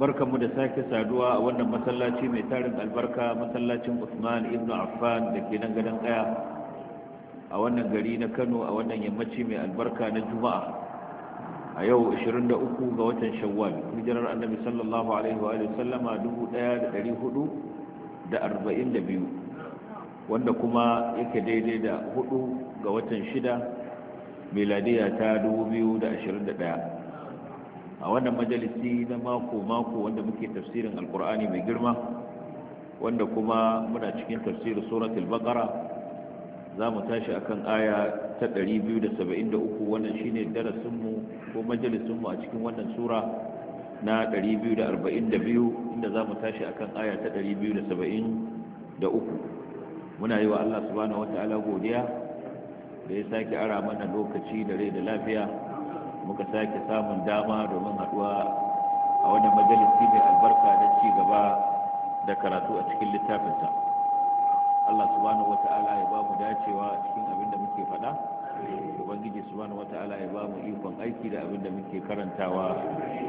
barkanmu da sake saduwa a wannan masallaci mai tarin albarka masallacin Usman ibn Affan da ke nan gadon kaya a wannan gari na Kano a wannan yammaci mai albarka na Juma'a a yau 23 ga watan Shawwal hijirar Annabi sallallahu alaihi wa sallama 1442 wanda kuma yake daidai da 4 ga watan 6 miladiya ta 2021 a wannan majalisi na mako-mako wanda muke tafsirin alkur'ani mai girma wanda kuma muna cikin tafsirin suratul baqara za mu tashi akan aya ta 273 wannan shine darasinmu ko majalisinmu a cikin wannan sura na 242 inda za mu tashi akan aya ta 273 muna yi wa Allah subhanahu wataala godiya da ya sake ara mana lokaci da rai da lafiya muka sake samun dama domin haduwa a wani majalisi mai albarka na ci gaba da karatu a cikin littafinsa Allah subhanahu ta'ala ya ba mu dacewa cikin abin da muke faɗa ubangiji subhanahu ta'ala ya ba mu ikon aiki da abin da muke karantawa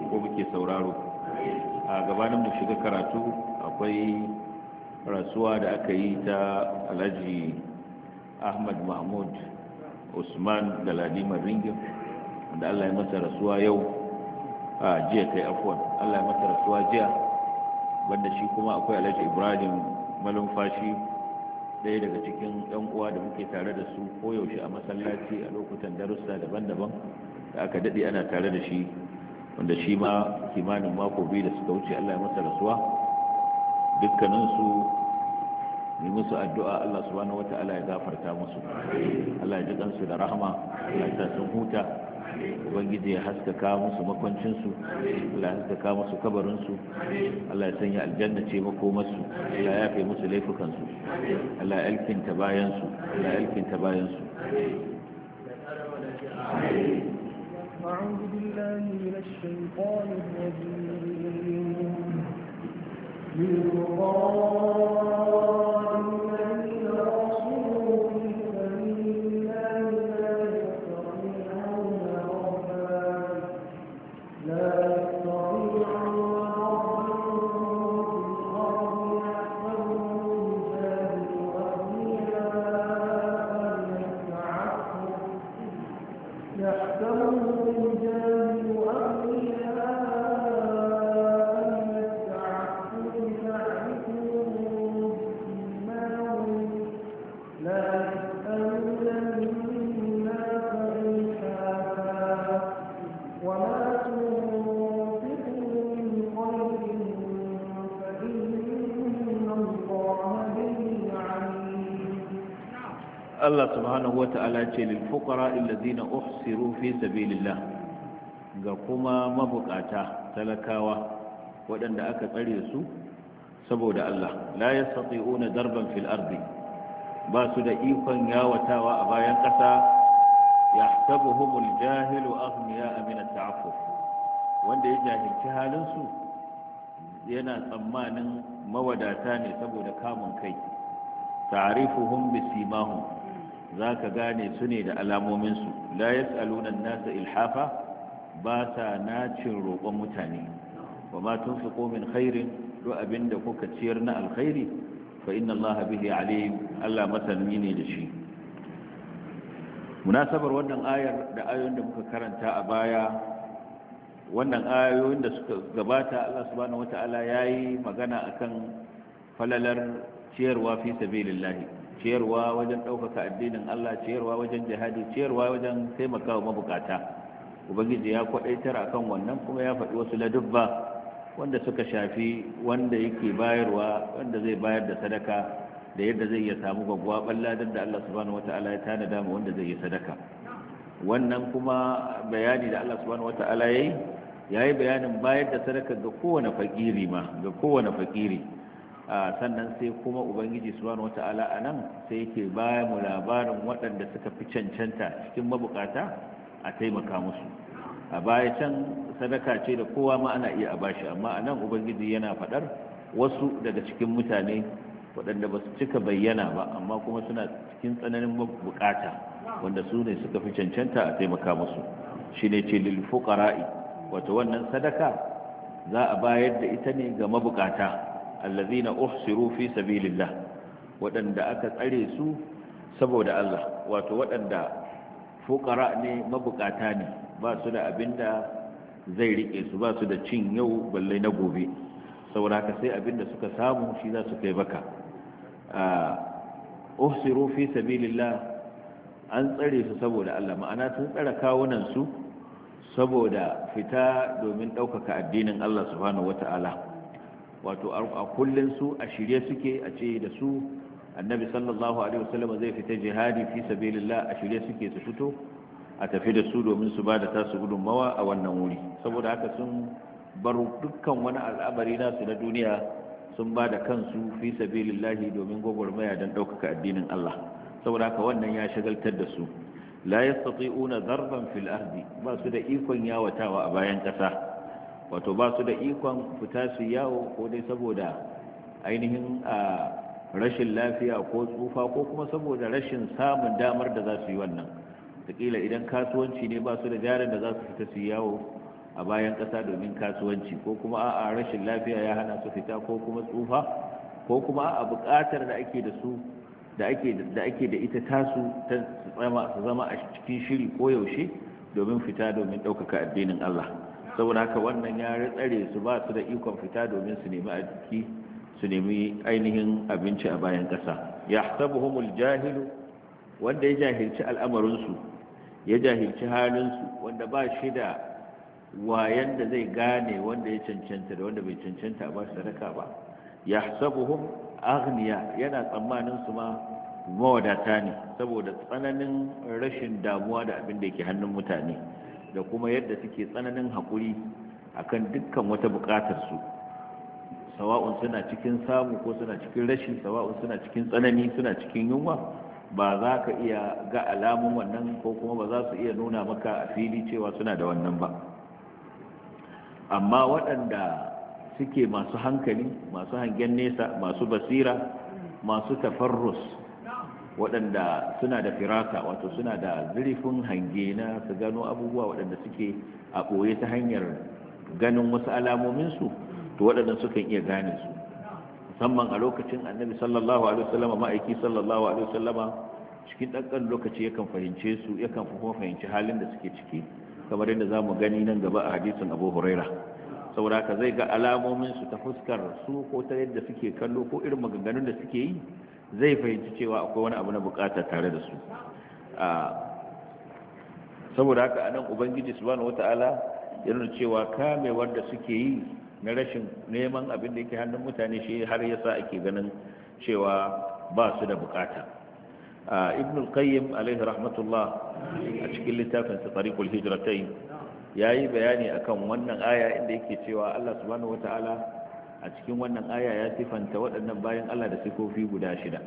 ko muke sauraro a gabanin mu shiga karatu akwai rasuwa da aka yi ta alhaji ahmad mahmud usman da ladiman ringin wanda allah ya masa rasuwa yau a jiya kai afuwan allah ya masa rasuwa jiya banda shi kuma akwai alhaji ibrahim malumfashi ɗaya daga cikin yan uwa da muke tare da su koyaushe a masallaci a lokutan darussa daban-daban da aka daɗe ana tare da shi wanda shi ma kimanin mako biyu da suka wuce allah ya masa rasuwa dukkaninsu yi musu addu'a Allah subhanahu wata'ala ya gafarta musu Allah ya ji kansu da rahama Allah ya sun huta ubangiji ya haskaka musu makwancinsu Allah ya haskaka musu kabarinsu Allah ya sanya aljanna ce makomarsu Allah ya fi musu laifukansu Allah ya alkinta bayansu Allah ya alkinta bayansu أعوذ من الله Allah subhanahu wa ta'ala ce lil fuqara allazina uhsiru fi sabilillah ga kuma mabukata talakawa waɗanda aka tsare su saboda Allah la yastati'una darban fil ardi ba su da ikon yawatawa a bayan ƙasa yahsabuhumul jahilu aghniya min at wanda ya jahilci halin su yana tsammanin mawadata ne saboda kamun kai ta'rifuhum bisimahum za ka gane su ne da alamominsu la yas'alunan nasa ilhafa ba ta nacin roƙon mutane ba ma tunfiqu min khairin duk abinda kuka ciyar na alkhairi fa inna Allah bihi alim Allah masani ne da shi munasabar wannan ayar da ayoyin da muka karanta a baya wannan ayoyin da suka gabata Allah subhanahu wataala yayi magana akan falalar ciyarwa fi sabilillahi ciyarwa wajen ɗaukaka addinin Allah ciyarwa wajen jihadi ciyarwa wajen taimakawa mabukata ubangiji ya a akan wannan kuma ya faɗi wasu ladubba wanda suka shafi wanda yake bayarwa wanda zai bayar da sadaka da yadda zai iya samu gwaggwaban ladan da Allah subhanahu wata'ala ya tanada ma wanda zai yi sadaka wannan kuma bayani da Allah subhanahu wata'ala yayi yayi bayanin bayar da sadaka ga kowane fakiri ma ga kowane fakiri sannan sai kuma ubangiji subhanahu wata'ala a nan sai yake baya mu labarin waɗanda suka fi cancanta cikin mabukata a taimaka musu a baya can sadaka ce da kowa ma ana iya a bashi amma a nan ubangiji yana faɗar wasu daga cikin mutane waɗanda ba su cika bayyana ba amma kuma suna cikin tsananin bukata wanda su ne suka fi cancanta a taimaka musu shi ne ce lil wata wannan sadaka za a bayar da ita ne ga mabukata allazina uhsiru fi sabilillah wadanda aka tsare su saboda Allah wato waɗanda fukara ne mabukata ne ba su da abinda zai rike su ba su da cin yau balle na gobe saboda sai abinda suka samu shi za su kai baka uhsiru fi sabilillah an tsare su saboda Allah ma'ana sun tsara kawunan su saboda fita domin ɗaukaka addinin Allah subhanahu wata'ala wato a kullun su a shirye suke a ce da su annabi sallallahu alaihi wasallam zai fita jihadi fi sabilillah a shirye suke su fito a tafi da su domin su ba da tasu gudunmawa a wannan wuri saboda haka sun bar dukkan wani al'amari nasu na duniya sun ba da kansu fi sabilillahi domin gwagwarmaya don ɗaukaka addinin Allah saboda haka wannan ya shagaltar da su la yastati'una zarban fil ardi ba su da ikon yawatawa a bayan ƙasa wato ba su da ikon fita su yawo ko dai saboda ainihin a rashin lafiya ko tsufa ko kuma saboda rashin samun damar da za su yi wannan takila idan kasuwanci ne ba su da jarin da za su fita su yawo a bayan ƙasa domin kasuwanci ko kuma a rashin lafiya ya hana su fita ko kuma tsufa ko kuma a buƙatar da ake da su da ake da ita tasu ta zama a cikin shiri ko yaushe domin fita domin ɗaukaka addinin Allah. saboda haka wannan ya tsare su ba su da ikon fita domin su nemi aiki su nemi ainihin abinci a bayan ƙasa ya sabuhumul jahilu wanda ya jahilci al'amarinsu ya jahilci halinsu wanda ba shi da wayan da zai gane wanda ya cancanta da wanda bai cancanta ba sadaka ba ya sabuhum agniya yana tsammanin su ma mawadata ne saboda tsananin rashin damuwa da abin da yake hannun mutane da kuma yadda suke tsananin haƙuri akan dukkan wata buƙatar su sawa'un suna cikin samu ko suna cikin rashin sawa'un suna cikin tsanani suna cikin yunwa ba za ka iya ga alamun wannan ko kuma ba za su iya nuna maka a fili cewa suna da wannan ba amma waɗanda suke masu hankali masu hangen nesa masu basira masu tafarrus waɗanda suna da firaka wato suna da zurfin hange na su gano abubuwa waɗanda suke a ɓoye ta hanyar ganin wasu alamominsu to waɗanda sukan iya gane su musamman a lokacin annabi sallallahu alaihi wasallama ma'aiki sallallahu alaihi wasallama cikin ɗanɗan lokaci yakan fahimce su yakan kuma fahimci halin da suke ciki kamar yadda za mu gani nan gaba a hadisin abu huraira saboda haka zai ga alamomin su ta fuskar su ko ta yadda suke kallo ko irin maganganun da suke yi zai fahimci cewa akwai wani abu na bukata tare da su saboda haka anan ubangiji subhanahu wataala ya nuna cewa kamewar da suke yi na rashin neman abin da yake hannun mutane shi har yasa ake ganin cewa ba su da bukata ibn al-qayyim alaihi rahmatullah a cikin littafin sa tariqul hijratain yayi bayani akan wannan aya inda yake cewa Allah subhanahu wataala a cikin wannan aya ya sifanta waɗannan bayan Allah da sifofi guda shida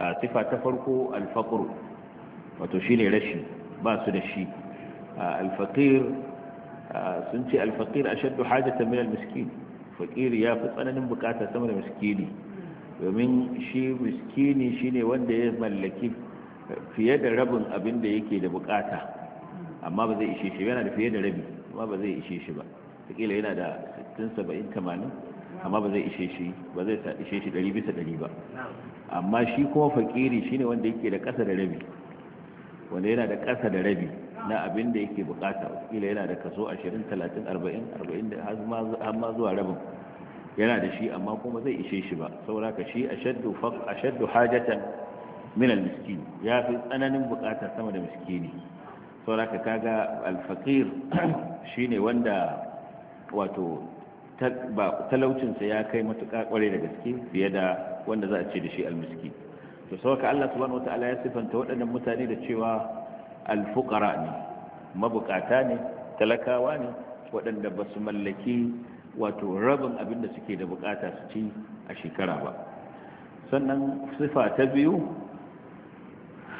a sifa ta farko alfaqru wato ne rashi ba su da shi alfaqir sun ce alfaqir ashaddu hajatan min almiskin faqiri ya fi tsananin bukata sama da miskini domin shi miskini ne wanda ya mallaki fiye da rabin abin da yake da bukata amma ba zai ishe shi yana da fiye da rabi amma ba zai ishe shi ba kila yana da 60 70 80 amma ba zai ishe shi ba zai ta ishe shi 200 bisa 100 ba amma shi kuma fakiri shine wanda yake da kasa da rabi wanda yana da kasa da rabi na abin da yake bukata kila yana da kaso 20 30 40 40 har ma zuwa rabin yana da shi amma kuma zai ishe shi ba saboda shi ashaddu faq ashaddu hajatan min al ya fi tsananin bukata sama da miskini saboda kaga al-faqir shine wanda wato talaucinsa ya kai matuƙa ƙware da gaske fiye da wanda za a ce da shi almiski to sauka Allah subhanahu wata'ala ya sifanta waɗannan mutane da cewa alfuqara ne mabukata ne talakawa ne waɗanda ba su mallaki wato rabin abin da suke da bukata su ci a shekara ba sannan sifa ta biyu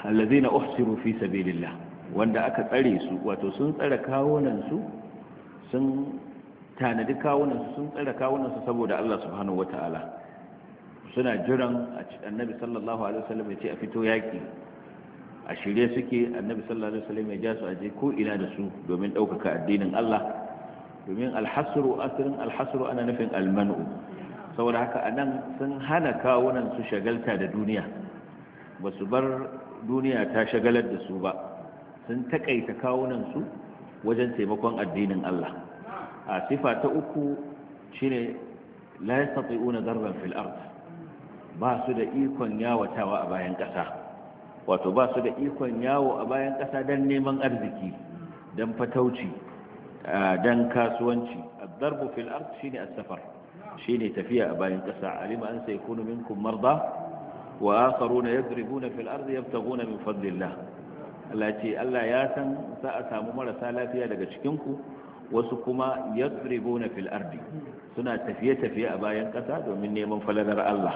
allazina uhsiru fi sabilillah wanda aka tsare su wato sun tsare kawunan su sun tanadi kawunansu sun tsara kawunansu saboda Allah subhanahu ta'ala suna jiran annabi sallallahu alaihi wasallam ya ce a fito yaki a shirye suke annabi sallallahu alaihi wasallam ya ja su aje ko ina da su domin ɗaukaka addinin Allah domin alhasru asirin alhasru ana nufin almanu saboda haka anan sun hana kawunan su shagalta da duniya ba su bar duniya ta shagalar da su ba sun takaita kawunan su wajen taimakon addinin Allah a sifa ta uku shi ne yastati'una una fil ard ba su da ikon yawatawa a bayan ƙasa wato ba su da ikon yawo a bayan ƙasa don neman arziki don fatauci don kasuwanci darbu fil ard shine as-safar ne tafiya a bayan ƙasa alima an sai kunu minkum marda wa akharuna yadribuna fil ard yabtaguna min fadlillah Allah ce Allah ya san za a samu marasa lafiya daga cikin ku wasu kuma yasribuna fil ardi suna tafiye tafiye a bayan ƙasa domin neman falalar Allah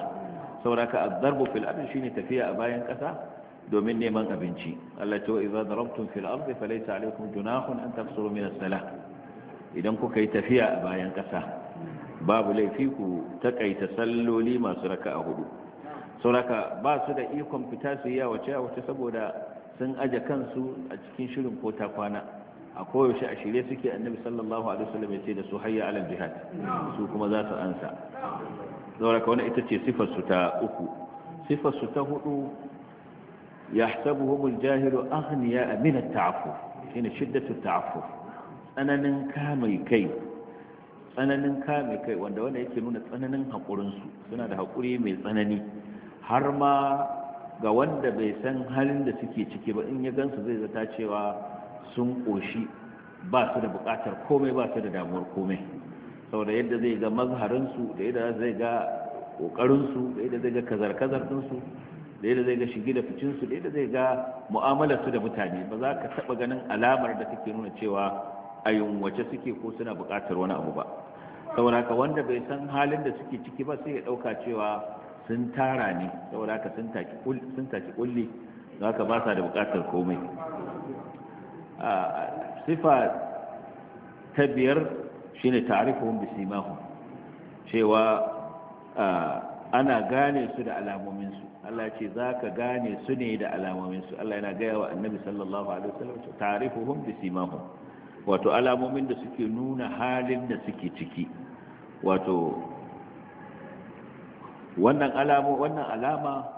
sauraka ad-darbu fil ardi shine tafiya a bayan ƙasa domin neman abinci Allah ta idza darabtum fil ardi falaysa alaykum junahun an tafsiru min as idan kuka yi tafiya a bayan ƙasa babu laifi ku takaita salloli masu raka raka'a hudu sauraka ba su da ikon fita su yi a wace-a wace saboda sun aje kansu a cikin shirin ko ta kwana a koyaushe a shirye suke annabi sallallahu alaihi wasallam ya ce da su hayya alal jihad su kuma za su ansa saboda ka ita ce sifar su ta uku sifar su ta hudu yahsabuhumul jahilu aghniya min at-ta'affuf shine shiddatu at-ta'affuf tsananin kamai kai tsananin kame kai wanda wanda yake nuna tsananin haƙurinsu suna da haƙuri mai tsanani har ma ga wanda bai san halin da suke ciki ba in ya gansu zai zata cewa sun ƙoshi ba su da buƙatar komai ba su da damuwar komai saboda yadda zai ga mazharinsu da yadda zai ga ƙoƙarinsu da yadda zai ga kazar-kazar ɗinsu da yadda zai ga shigi da ficinsu da yadda zai ga mu'amalarsu da mutane ba za ka taɓa ganin alamar da take nuna cewa a yunwace suke ko suna buƙatar wani abu ba saboda haka wanda bai san halin da suke ciki ba sai ya ɗauka cewa sun tara ne saboda haka sun taki kulli za ka ba sa da buƙatar komai sifa ta biyar shine ta'rifuhum bi simahum cewa ana gane su da alamomin su Allah ce za ka gane su ne da alamomin su Allah yana gaya wa Annabi sallallahu alaihi wasallam ta'rifuhum bi simahum wato alamomin da suke nuna halin da suke ciki wato wannan alama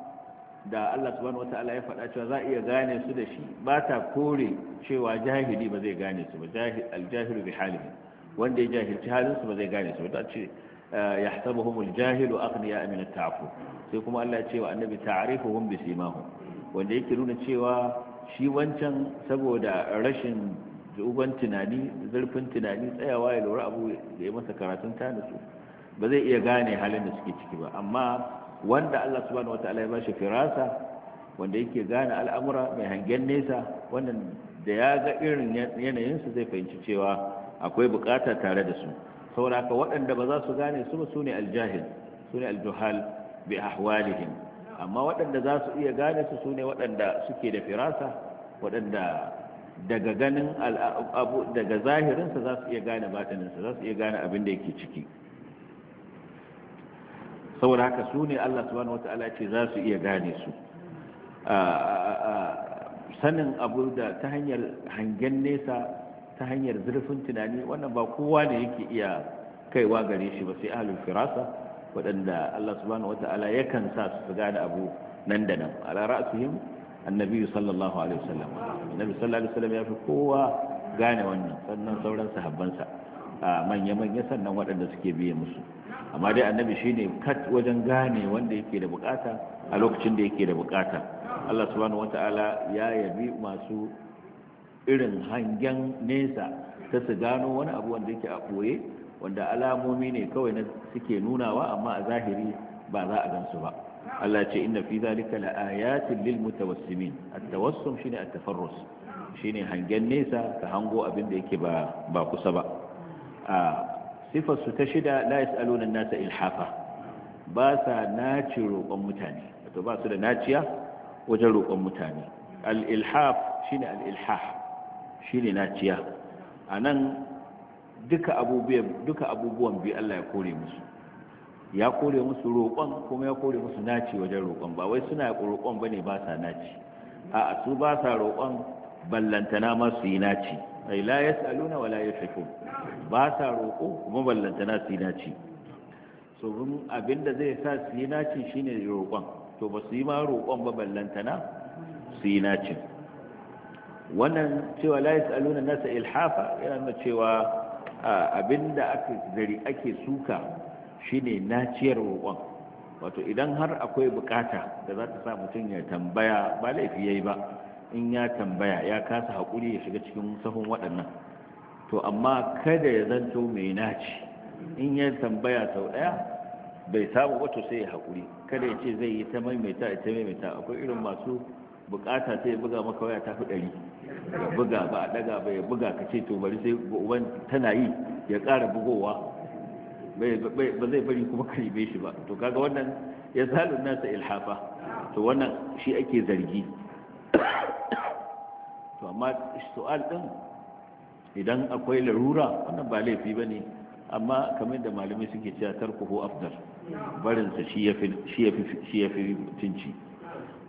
da Allah subhanahu wata'ala ya faɗa cewa za a iya gane su da shi ba ta kore cewa jahili ba zai gane su ba aljahilu bi halihi wanda ya jahilci halin su ba zai gane su ba ta ce eh, yahsabuhumul jahilu aghniya min at sai kuma Allah ya ce wa annabi ta'rifuhum bi simahum wanda yake nuna cewa shi wancan saboda rashin zuban tunani zurfin tunani tsayawa ya lura abu da ya masa karatun ta ba zai iya gane halin da suke ciki ba amma wanda Allah subhanahu wataala ya bashi firasa wanda yake gane al'amura mai hangen nesa wannan da ya ga irin yanayinsu zai fahimci cewa akwai bukata tare da su sauraka waɗanda ba za su gane su ba su ne aljahil su ne aljuhal bi ahwalihim amma waɗanda za su iya gane su su ne waɗanda suke da firasa waɗanda daga ganin daga zahirinsa za su iya gane batininsa za su iya gane abin da yake ciki saboda haka su ne Allah subhanahu wata'ala ce za su iya gane su sanin abu da ta hanyar hangen nesa ta hanyar zurfin tunani wannan ba kowa ne yake iya kaiwa gare shi ba sai ahlul firasa wadanda Allah subhanahu wata'ala yakan sa su gane abu nan da nan ala ra'sihim annabi sallallahu alaihi wasallam annabi sallallahu alaihi wasallam ya fi kowa gane wannan sannan sauran sahabban sa a manya-manya sannan waɗanda suke biye musu amma dai annabi shine kat wajen gane wanda yake da bukata a lokacin da yake da bukata Allah subhanahu wataala ya yabi masu irin hangen nesa ta su gano wani abu wanda yake a ɓoye wanda alamomi ne kawai na suke nunawa amma a zahiri ba za a gansu ba Allah ce inna fi zalika ayatin lil mutawassimin at-tawassum shine at-tafarrus shine hangen nesa ka hango abin da yake ba ba kusa ba sifar su ta shida la yas'aluna an-nasa ilhafa ba sa naci roƙon mutane wato ba su da naciya wajen roƙon mutane al-ilhaf shine al-ilhah shine naciya anan duka abubuwan duka abubuwan bi Allah ya kore musu ya kore musu roƙon kuma ya kore musu naci wajen roƙon ba wai suna roƙon bane ba sa naci a'a su ba sa roƙon ballantana ma su yi naci ai la yas'aluna wala yashkun ba sa roƙo kuma ballanta na su naci so bin abinda zai sa su yi naci shine roƙon to ba su yi ma roƙon ba ballanta na su yi naci wannan cewa la yas'aluna nasa ilhafa yana nuna cewa abinda ake zari ake suka shine naciyar roƙon wato idan har akwai bukata da za ta sa mutum ya tambaya ba laifi yayi ba in ya tambaya ya kasa haƙuri ya shiga cikin sahun waɗannan to amma kada ya zanto mai naci in ya tambaya sau ɗaya bai samu wato sai ya haƙuri kada ya ce zai yi ta maimaita ta maimaita akwai irin masu bukata sai ya buga maka waya ta ɗari ya buga ba a ɗaga ba ya buga ka ce to bari sai uban tana yi ya ƙara bugowa ba zai bari kuma ka ribe shi ba to kaga wannan ya zalun nasa ilhafa to wannan shi ake zargi to amma istu'al din idan akwai larura wannan ba laifi bane ne amma kamar da malamai suke cewa tarkuhu afdal barinsa shi ya fi tinci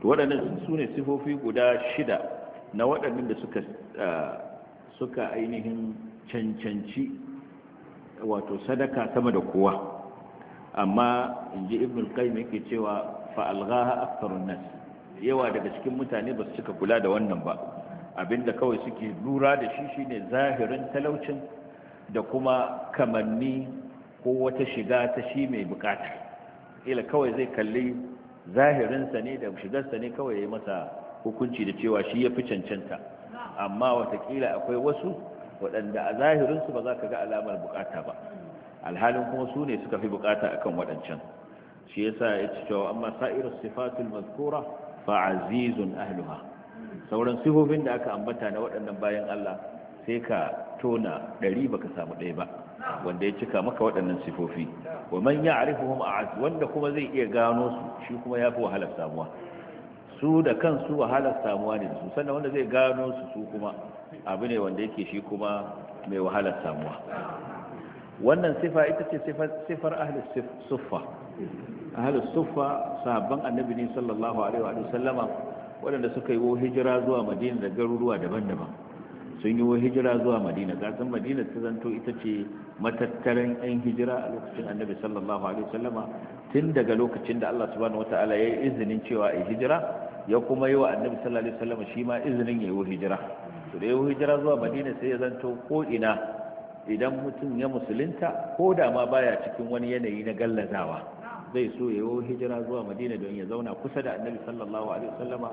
to waɗannan su sifofi guda shida na waɗannan da suka suka ainihin cancanci wato sadaka sama da kowa amma inji ji ibn qayyim yake cewa fa alghaha aktharun nas yawa daga cikin mutane ba su cika kula da wannan ba abinda kawai suke lura da shi shine zahirin talaucin da kuma kamanni ko wata shiga ta shi mai bukata ila kawai zai kalli zahirinsa ne da shigarsa ne kawai ya masa hukunci da cewa shi ya fi cancanta amma watakila akwai wasu waɗanda a zahirinsu ba za ka ga alamar bukata ba alhalin kuma su ne suka fi bukata akan waɗancan shi yasa ya ci cewa amma sa'irar sifatul mazkura fa azizun ahluha sauran sifofin da aka ambata na waɗannan bayan Allah sai ka tona ɗari baka samu ɗaya ba wanda ya cika maka waɗannan sifofi wa man ya'rifuhum a'az wanda kuma zai iya gano su shi kuma yafi wahalar samuwa su da kansu wahalar samuwa ne su sannan wanda zai gano su su kuma abu ne wanda yake shi kuma mai wahalar samuwa wannan sifa ita ce sifar ahli suffa ahlus sufa sahabban annabi ne sallallahu alaihi wa sallama waɗanda suka yi hijira zuwa madina da garuruwa daban-daban sun yi hijira zuwa madina gasan madina ta zanto ita ce matattaran 'yan hijira a lokacin annabi sallallahu alaihi sallama tun daga lokacin da Allah subhanahu wataala ya yi izinin cewa a hijira ya kuma yi wa annabi sallallahu alaihi sallama shi ma izinin ya yi hijira to da ya hijira zuwa madina sai ya zanto ko ina idan mutum ya musulunta ko da ma baya cikin wani yanayi na gallazawa zai so ya yi hijira zuwa madina don ya zauna kusa da annabi sallallahu alaihi wasallama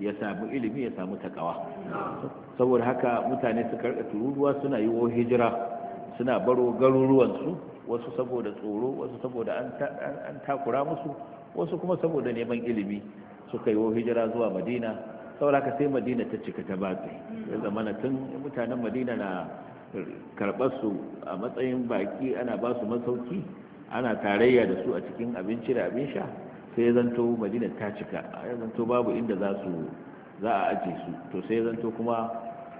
ya samu ilimi ya samu takawa saboda haka mutane su karɓa tururuwa suna yi hijira suna baro garuruwansu wasu saboda tsoro wasu saboda an takura musu wasu kuma saboda neman ilimi suka yi hijira zuwa madina saboda haka sai madina ta cika ta batsi ya zamana tun mutanen madina na karɓar su a matsayin baƙi ana ba su masauki ana tarayya da su a cikin abinci da abin sha sai ya zanto madina ta cika ya zanto babu inda za su za a aje su to sai ya zanto kuma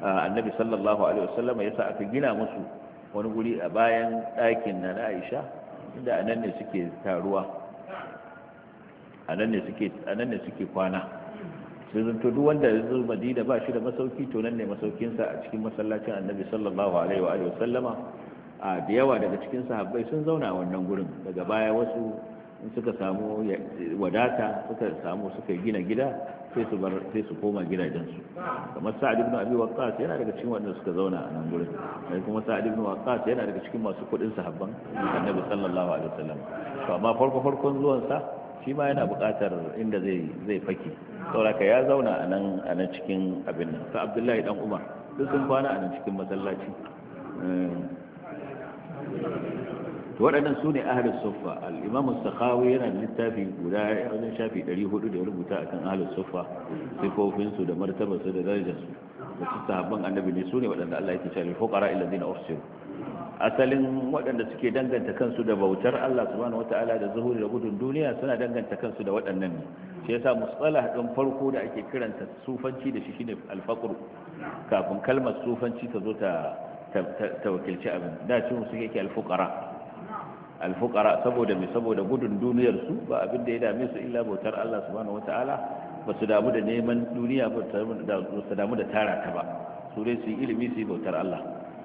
annabi sallallahu alaihi wasallam ya sa aka gina musu wani guri a bayan ɗakin na Aisha inda anan ne suke taruwa anan ne suke anan ne suke kwana sai zanto duk wanda ya zo madina ba shi da masauki to nan ne masaukinsa a cikin masallacin annabi sallallahu alaihi wa alihi wasallama a da yawa daga cikin sahabbai sun zauna wannan gurin daga baya wasu in suka samu wadata suka samu suka gina gida sai su bar sai su koma gidajensu kamar sa'ad ibn abi waqqas yana daga cikin wanda suka zauna a nan gurin sai kuma sa'ad ibn waqqas yana daga cikin masu kudin sahabban annabi sallallahu alaihi wasallam to amma farko farkon zuwan sa shi ma yana buƙatar inda zai zai faki saboda ya zauna a nan a nan cikin abin nan sa abdullahi dan umar duk sun kwana a nan cikin masallaci eh, waɗannan su ne ahalin suffa al'imamu sakhawi yana da littafi guda wajen shafi 400 da ya rubuta a kan ahalin sai sifofinsu da martabarsu da darajarsu da su sahabban annabi ne su ne waɗanda allah ya tashi alfukara iladina ofisiru asalin waɗanda suke danganta kansu da bautar allah subhanahu wataala da zuhuri da gudun duniya suna danganta kansu da waɗannan ne shi yasa musala haɗin farko da ake kiranta sufanci da shi shine alfakur kafin kalmar sufanci ta zo ta ta wakilci abin da ce musu yake alfukara alfukara saboda mai saboda gudun duniyarsu ba abin da ya dame su illa bautar Allah subhanahu wata'ala ba su damu da neman duniya ba su damu da tara ta ba su dai su yi ilimi su yi bautar Allah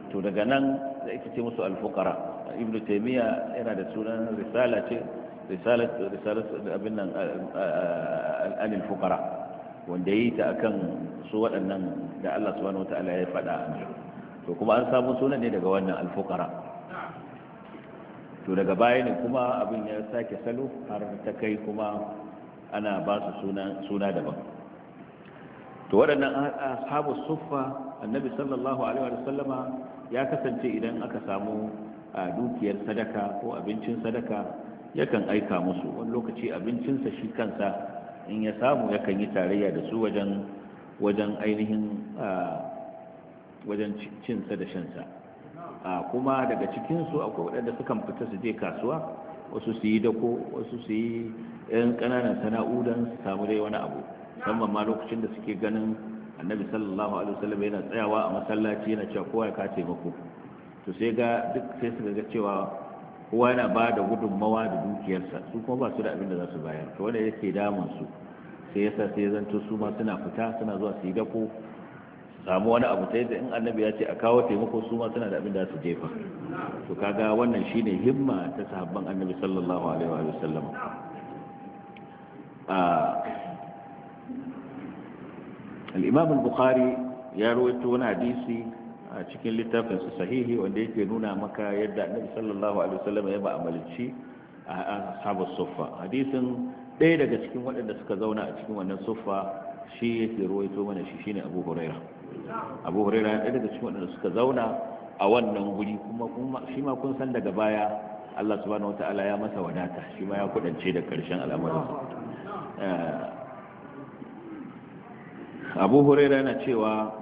to daga nan da ita ce musu alfukara ibnu taimiyya yana da sunan risala ce risalat abin nan al fukara wanda yi ta akan su waɗannan da Allah subhanahu wata'ala ya faɗa a to kuma an samu sunan ne daga wannan alfukara to daga baya ne kuma abin ya sake salo har ta kai kuma ana ba su suna daban to waɗannan ashabu suffa annabi sallallahu alaihi wa sallama ya kasance idan aka samu dukiyar sadaka ko abincin sadaka yakan aika musu wani lokaci abincinsa shi kansa in ya samu yakan yi tarayya da su wajen wajen ainihin wajen cinsa da shansa kuma daga cikinsu akwai waɗanda sukan fita su je kasuwa wasu su yi dako wasu su yi yan ƙananan sana'u don su samu dai wani abu musamman ma lokacin da suke ganin annabi sallallahu alaihi wasallam yana tsayawa a masallaci yana cewa kowa ya kace mako to sai ga duk sai su ga cewa kowa yana ba da gudunmawa da dukiyarsa su kuma ba su da abin da za su bayar to wanda yake damun su sai yasa sai zanto su ma suna fita suna zuwa su yi dako samu wani abu ta yadda in annabi ya ce a kawo taimako su ma suna da abin da su jefa to kaga wannan shine himma ta sahabban annabi sallallahu alaihi wa sallam al-imam al-bukhari ya rawaito wani hadisi a cikin littafin su sahihi wanda yake nuna maka yadda annabi sallallahu alaihi wa sallam ya amalci a ashabus suffa hadisin ɗaya daga cikin waɗanda suka zauna a cikin wannan suffa shi yake rawaito mana shi shine abu hurairah abu huraira ya daga cikin waɗanda suka zauna a wannan guri kuma shi ma kun san daga baya Allah subhanahu ta'ala ya masa wadata shi ma ya kudance da karshen al'amarin eh, abu huraira yana cewa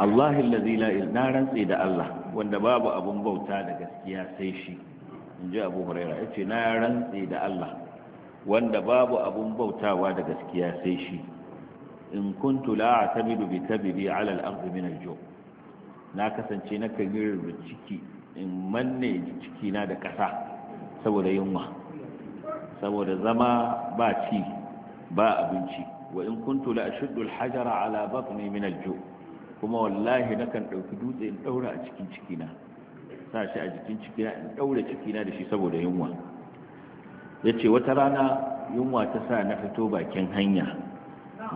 Allah allazi la na rantse da Allah wanda babu abun bauta da gaskiya sai shi in ji abu huraira ya ce na rantse da Allah wanda babu abun bautawa da gaskiya sai shi in kuntu la atamidu bi kabiri ala al-ardi min al-ju na kasance na kan yi ciki in manne ciki na da kasa saboda yunwa saboda zama ba ci ba abinci wa in kuntu la ashuddu al-hajara ala batni min al kuma wallahi na kan dauki dutse in daura a cikin ciki na, sa shi a jikin na in daura na da shi saboda yunwa yace wata rana yunwa ta sa na fito bakin hanya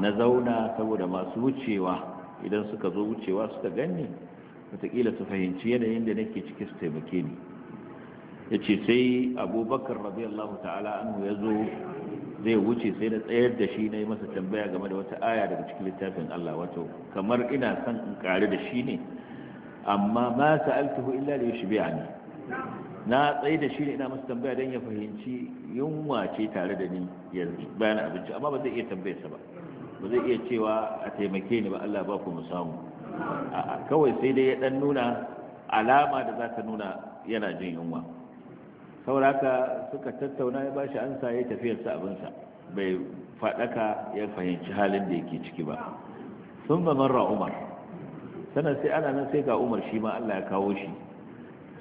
na zauna saboda masu wucewa idan suka zo wucewa suka gani watakila su fahimci yanayin da nake ciki su taimake ni ya ce sai abubakar radiyallahu ta'ala an ya zo zai wuce sai na tsayar da shi na yi masa tambaya game da wata aya daga cikin littafin Allah wato kamar ina son in ƙari da shi ne amma ma sa'altuhu illa da yashi biya ne na tsaye da shi ne ina masa tambaya don ya fahimci yunwa ce tare da ni yanzu bayan abinci amma ba zai iya tambayarsa ba ba zai iya cewa a taimake ni ba Allah ba ku mu samu kawai sai dai ya dan nuna alama da zaka nuna yana jin yunwa sauraka suka tattauna ya bashi ansa ya sa abin sa bai faɗaka ya fahimci halin da yake ciki ba sun ba marra umar sana sai ana nan sai ga umar shi ma allah ya kawo shi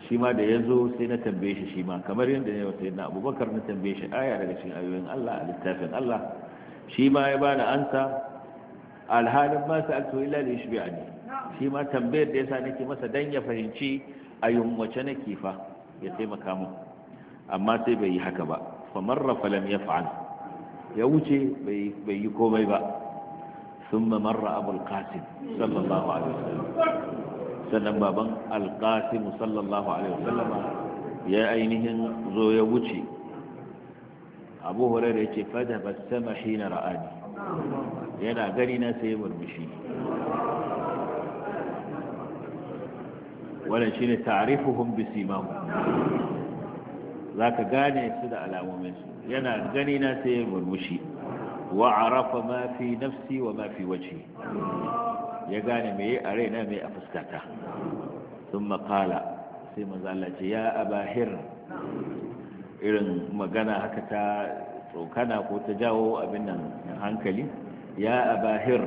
shi ma da ya sai na tambaye shi shi ma kamar yadda ne wata yana abubakar na tambaye shi aya daga cikin ayoyin allah a littafin allah shi ma ya bani ansa alhalin ma sa'altu illa a yushbi'ani shi ma tambayar da ya yasa nake masa dan ya fahimci a yunwace nake fa ya taimaka mu amma sai bai yi haka ba fa marra fa lam yaf'al ya wuce bai yi komai ba Sun marra abul qasim sallallahu alaihi wasallam sannan baban al sallallahu alaihi wasallam ya ainihin zo ya wuce abu da yace fada shi na ra'ani yana gani na sai murmushi wannan shi shine ta'rifuhum bi Za ka gane su da alamomin su yana gani na sai murmushi wa arafa mafi nafsi wa mafi fi ya gane me a raina me a fuskata Sun makala sai manzo Allah ya abahir irin magana haka ta tsokana ko ta jawo abin nan hankali ya abahir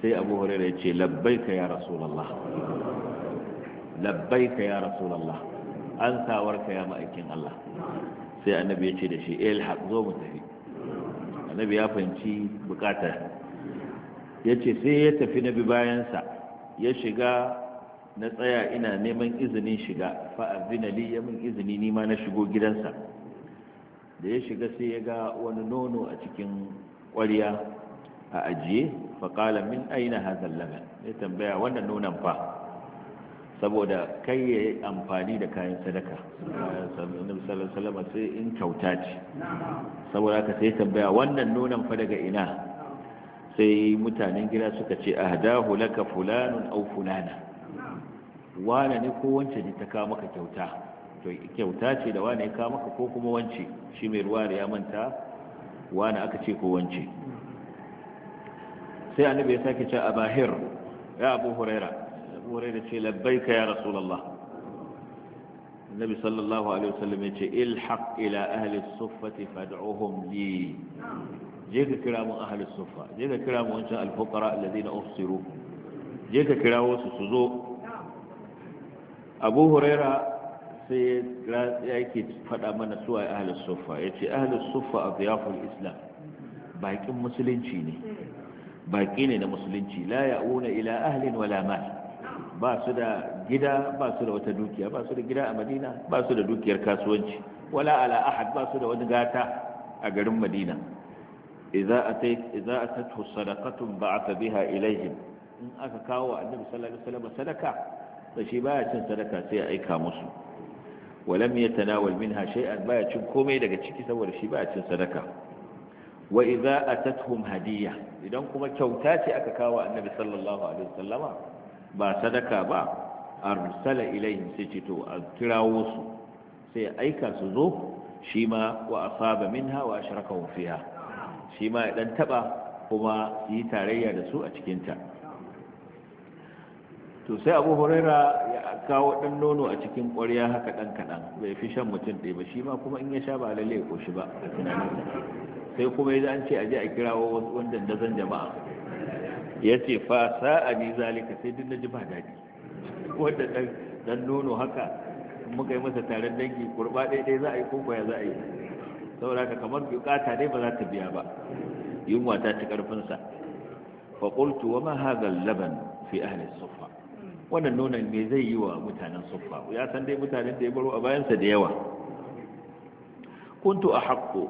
sai abu hurairah ya ce labbaika ya labbai labbaika ya rasulallah an sawar ka ya ma'aikin Allah sai annabi ya ce da shi eh, ilhaq zo mu tafi annabi ya fahimci bukatar ya ce sai ya tafi na bayansa ya shiga na tsaya ina neman izinin shiga fa'abina li ya min izini ni na shigo gidansa da ya shiga sai ya ga wani nono a cikin ƙwarya a ajiye faƙala min aina hazan laban ya tambaya wannan nonon fa saboda kai ya yi amfani da kayan sadaka sai in kyauta ce saboda ka sai tambaya wannan nonon fa daga ina sai mutanen gida suka ce ahdahu laka fulanun au fulanan wane ne ko wance ne ta kawo maka kyauta to kyauta ce da wane ya kawo maka ko kuma wance shi mai ruwa da ya manta wane aka ce ko wance sai annabi ya sake cewa a bahir ya abu huraira abu huraira ce labbaika ya rasulullah annabi sallallahu alaihi wasallam ya ce ilhaq ila ahli suffati fad'uhum li je ka kira mun ahli suffa je ka kira mun wancan alfuqara alladhina ufsiru je ka kira wasu su zo abu huraira sai ya yake faɗa mana suwa a ahalar sufa ya ce ahalar sufa a ziyafin islam baƙin musulunci ne baƙi ne na musulunci la ya una ila ahalin walamai, ba su da gida ba su da wata dukiya ba su da gida a madina ba su da dukiyar kasuwanci wala ala ahad ba su da wani gata a garin madina idza atatu sadaqatun ba'atha biha ilaihim in aka kawo annabi sallallahu alaihi wasallam sadaka to shi baya cin sadaka sai a aika musu walam yatanawal minha shay'an baya cin komai daga ciki saboda shi baya cin sadaka wa idza atatuhum hadiyya idan kuma kyauta ce aka kawo annabi sallallahu alaihi wasallama ba sadaka ba arsala ilaihim sai ce to a kirawo su sai aika su zo shi ma wa asaba minha wa ashrakahu fiha shi ma idan dan taba kuma yi tarayya da su a cikinta to sai abu huraira ya kawo dan nono a cikin ƙwarya haka dan kaɗan bai fi shan mutum ɗaya ba shi ma kuma in ya sha ba lalle ko shi ba sai kuma ya an ce a je a kirawo wasu wanda dazan jama'a ya ce fa sa'ani zalika sai duk na ji ba daɗi wanda dan dan nono haka muka yi masa taron dangi kurba ɗaya ɗaya za a yi ko kwaya za a yi saboda kamar bukata dai ba za ta biya ba yunwa ta ci karfinsa faƙultu wa ma hagal laban fi ahli sufa wannan nonon me zai yi wa mutanen suffa ya san dai mutanen da ya baro a bayansa da yawa kuntu ahaqqu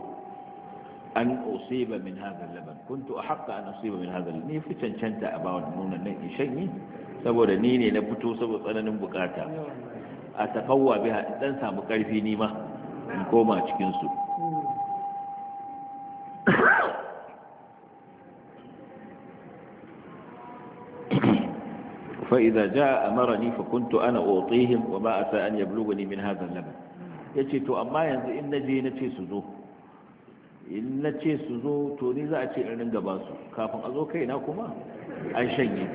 an usiba min hadha al-laban kuntu ahaqqa an usiba min hadha ni fi cancanta a bawon nonon nan in shanye saboda ni ne na fito saboda tsananin bukata a tafawwa biha dan samu karfi ni ma in koma cikinsu. su فإذا جاء أمرني فكنت أنا أعطيهم وما أتى أن يبلغني من هذا اللبن يجي تو أما ينزل إن نجي نتي سزو إن نتي سزو تو نزا أتي إن نقباسو كافن أزو كينا كما أن شيء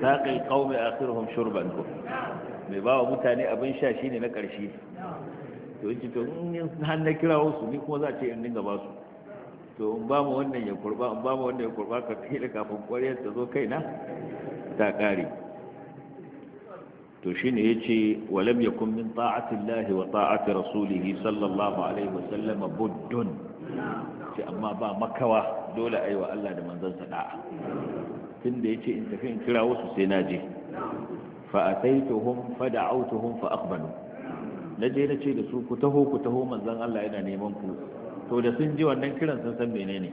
ساقي القوم آخرهم شربا mai ba wa mutane abin sha shi ne na ƙarshe to in ce to in na kira wasu ni kuma za a ce in ba su to in ba mu wannan ya kurba in ba mu wannan ya kurba ka fi kafin ƙwariyar ta zo kaina ta kare to shine yace walam yakun min ta'ati Allah wa ta'ati rasulih sallallahu alaihi wa wasallam buddun ce amma ba makawa dole ayi wa Allah da manzansa da'a tunda yace in tafi in kira wasu sai na je. fa ataituhum fa da'awtuhum fa aqbalu na ce da su ku taho ku taho manzon Allah yana neman ku to da sun ji wannan kiran sun san menene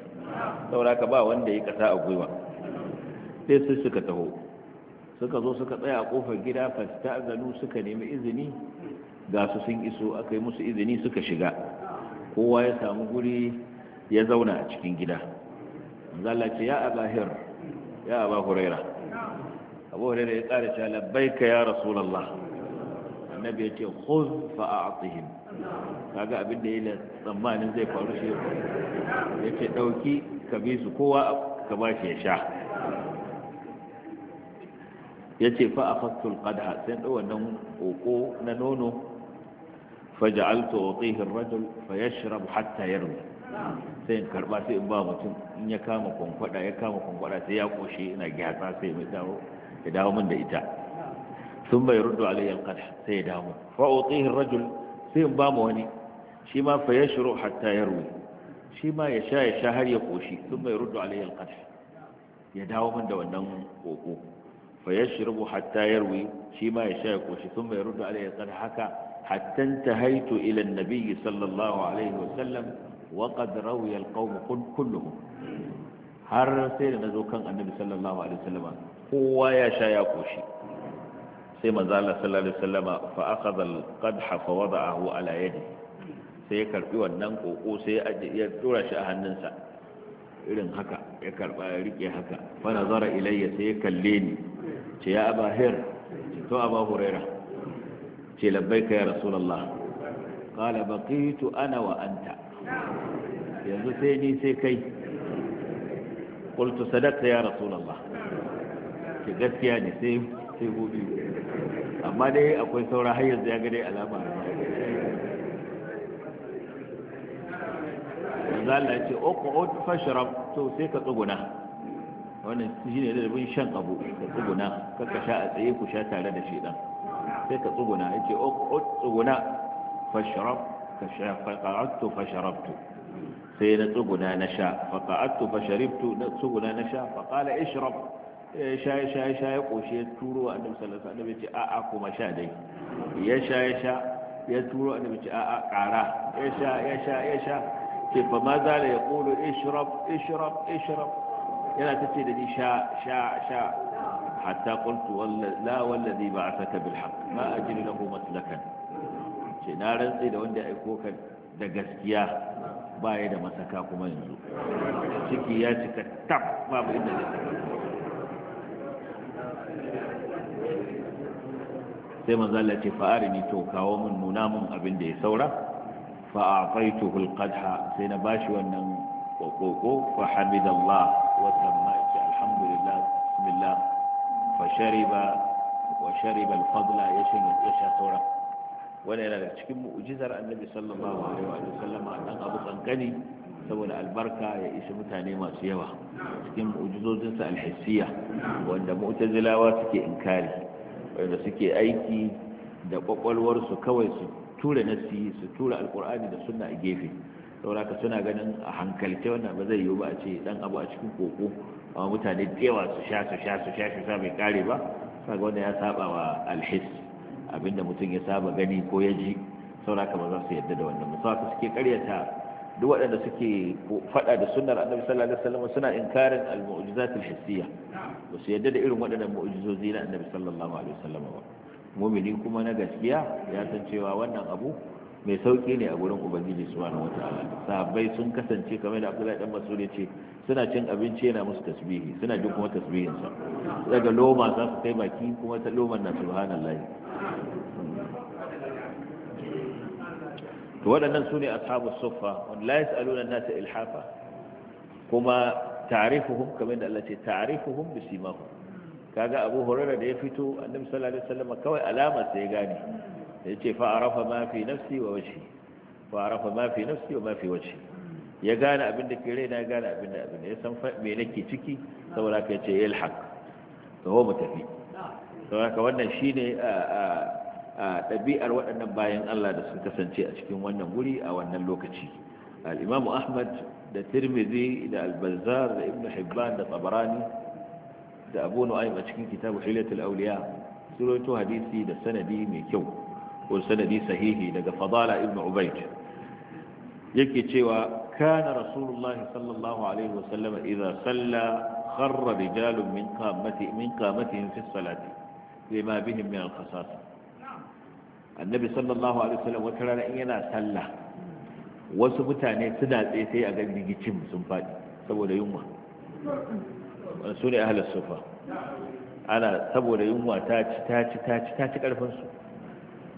saboda ka ba wanda ya kasa a gwiwa sai su suka taho suka zo suka tsaya a kofar gida fasta'zanu suka nemi izini ga su sun iso aka yi musu izini suka shiga kowa ya samu guri ya zauna a cikin gida zalla ce ya abahir ya aba huraira abu huraira ya tsara cewa ka ya rasulullah annabi ya ce khuz fa a'tihim kaga abin da yake tsammanin zai faru shi ya ce dauki ka bi su kowa ka ba shi ya sha Ya ce fa a akhadtu alqadha sai ɗau wannan koko na nono faj'altu uqihi ar-rajul fayashrab hatta rumu sai in karɓa sai in ba mutum in ya kama kwankwada ya kama kwankwada sai ya ƙoshe ina gyatsa sai mai dawo ya dawo min da ita sun bai rudu alayhi alqadha sai ya dawo fa uqihi ar-rajul sai in ba mu wani shi ma fayashru hatta rumu shi ma ya sha ya sha har ya ƙoshe sun bai rudu alayhi alqadha ya dawo min da wannan koko fa yashrubu hatta yarwi shi ma ya sha ya koshi sun mai rudu alaihi qad haka hatta intahaitu ila an-nabiy sallallahu alayhi wa sallam wa qad rawiya al-qawm kulluhum har sai da nazo kan annabi sallallahu alaihi wa sallama kowa ya sha ya koshi sai manzo Allah sallallahu alaihi wa sallama fa akhadha al-qadha fa wada'ahu ala yadihi sai ya karbi wannan koko sai ya tura shi a hannunsa irin haka ya karba ya rike haka fa nazara ilayya sai ya kalle ni ce ya aba her ce to aba huraira ce labbaika ya rasulullah qala baqitu ana wa anta yanzu sai ni sai kai qultu sadaqta ya rasulullah ce gaskiya ne sai sai gobe amma dai akwai saura har yanzu ya ga dai alama yanzu Allah ya ce uqud fashrab to sai ka tsuguna wannan shi ne ladabin shan abu ka tsuguna ka sha a tsaye ku sha tare da shi shedan sai ka tsuguna ya ce o tsuguna fasharab ka sha faƙa'attu fasharabtu sai na tsuguna na sha faƙa'attu fasharibtu na tsuguna na sha faƙala ishrab ya sha ya sha ya sha ya ƙoshe ya turo a annabi sallallahu alaihi wasallam ya ce a'a kuma sha dai ya sha ya sha ya turo a annabi ce a'a ƙara ya sha ya sha ya sha ke fa ma zala yaqulu ishrab ishrab ishrab yana ta ce da ni sha sha sha hatta qultu la wallazi ba'athaka bil haqq ma ajidu lahu maslakan ce na rantsi da wanda ya aiko ka da gaskiya ba da masaka kuma yanzu ciki ya cika tab babu inda da sai manzala ce fa'ari ni to kawo mun nuna mun abin da ya saura fa'afaitu Qadha, sai na bashi wannan kokoko fa hamidallah والسماء الحمد لله بسم الله فشرب وشرب الفضل يشن يشا سورة وانا انا cikin mu'jizar annabi sallallahu alaihi wa sallama abu kankani saboda albarka ya isa mutane masu yawa cikin mu'jizozinsa alhissiya wanda mu'tazilawa suke inkari wanda suke aiki da ƙwaƙwalwarsu, kawai su tura nasi su tura alkur'ani da sunna a gefe sauraka suna ganin a hankalce wanda ba zai yiwu ba a ce dan abu a cikin koko amma mutane tewa su sha su sha su sha su sha mai kare ba ga wanda ya saba wa alhis abinda mutum ya saba gani ko ya ji sauraka ba za su yadda da wannan musaka suke karyata duk waɗanda suke faɗa da sunnar annabi sallallahu alaihi wasallam suna inkarin almu'jizat mujizat al ba su yadda da irin waɗannan mu'jizozi na annabi sallallahu alaihi wasallam ba mu'mini kuma na gaskiya ya san cewa wannan abu mai sauki ne a gurin ubangiji su wata wataala sahabbai sun kasance kamar da Abdullahi dan Mas'ud ya ce suna cin abinci yana musu tasbihi suna jin kuma tasbihin sa daga loma za su kai baki kuma ta loman na Subhanallah. to waɗannan su sune ashabu suffa wanda la yas'aluna an-nasa ilhafa kuma ta'rifuhum kamar da Allah ce ta'rifuhum bi simahum kaga Abu Hurairah da ya fito Annabi sallallahu alaihi wasallam kawai alamar sa ya gane ya ce fa'arafa ma nafsi wa wace fa'arafa ma nafsi wa ma wace ya gane abin da ke rai na gane abin da abin da ya san me nake ciki saboda ka ce ya ilhaq ka ho tafi saboda ka wannan shi ne a ɗabi'ar waɗannan bayan Allah da sun kasance a cikin wannan guri a wannan lokaci al'imamu ahmad da tirmidhi da albazar da ibn hibban da tsabarani da abu nu'aym a cikin kitabu hilatul auliya sun hadisi da sanadi mai kyau ko sanadi sahihi daga fadala ibn ubayd yake cewa kana rasulullah sallallahu alaihi wasallam idza salla kharra rijalun min qamati min qamatihim fi salati lima bihim min al-khasas annabi sallallahu alaihi wasallam wata rana in yana sallah wasu mutane suna tsaye sai a ga digicin sun faɗi saboda yunwa su ne ahalar sufa ana saboda yunwa ta ci ta ci ta ci ta ci karfinsu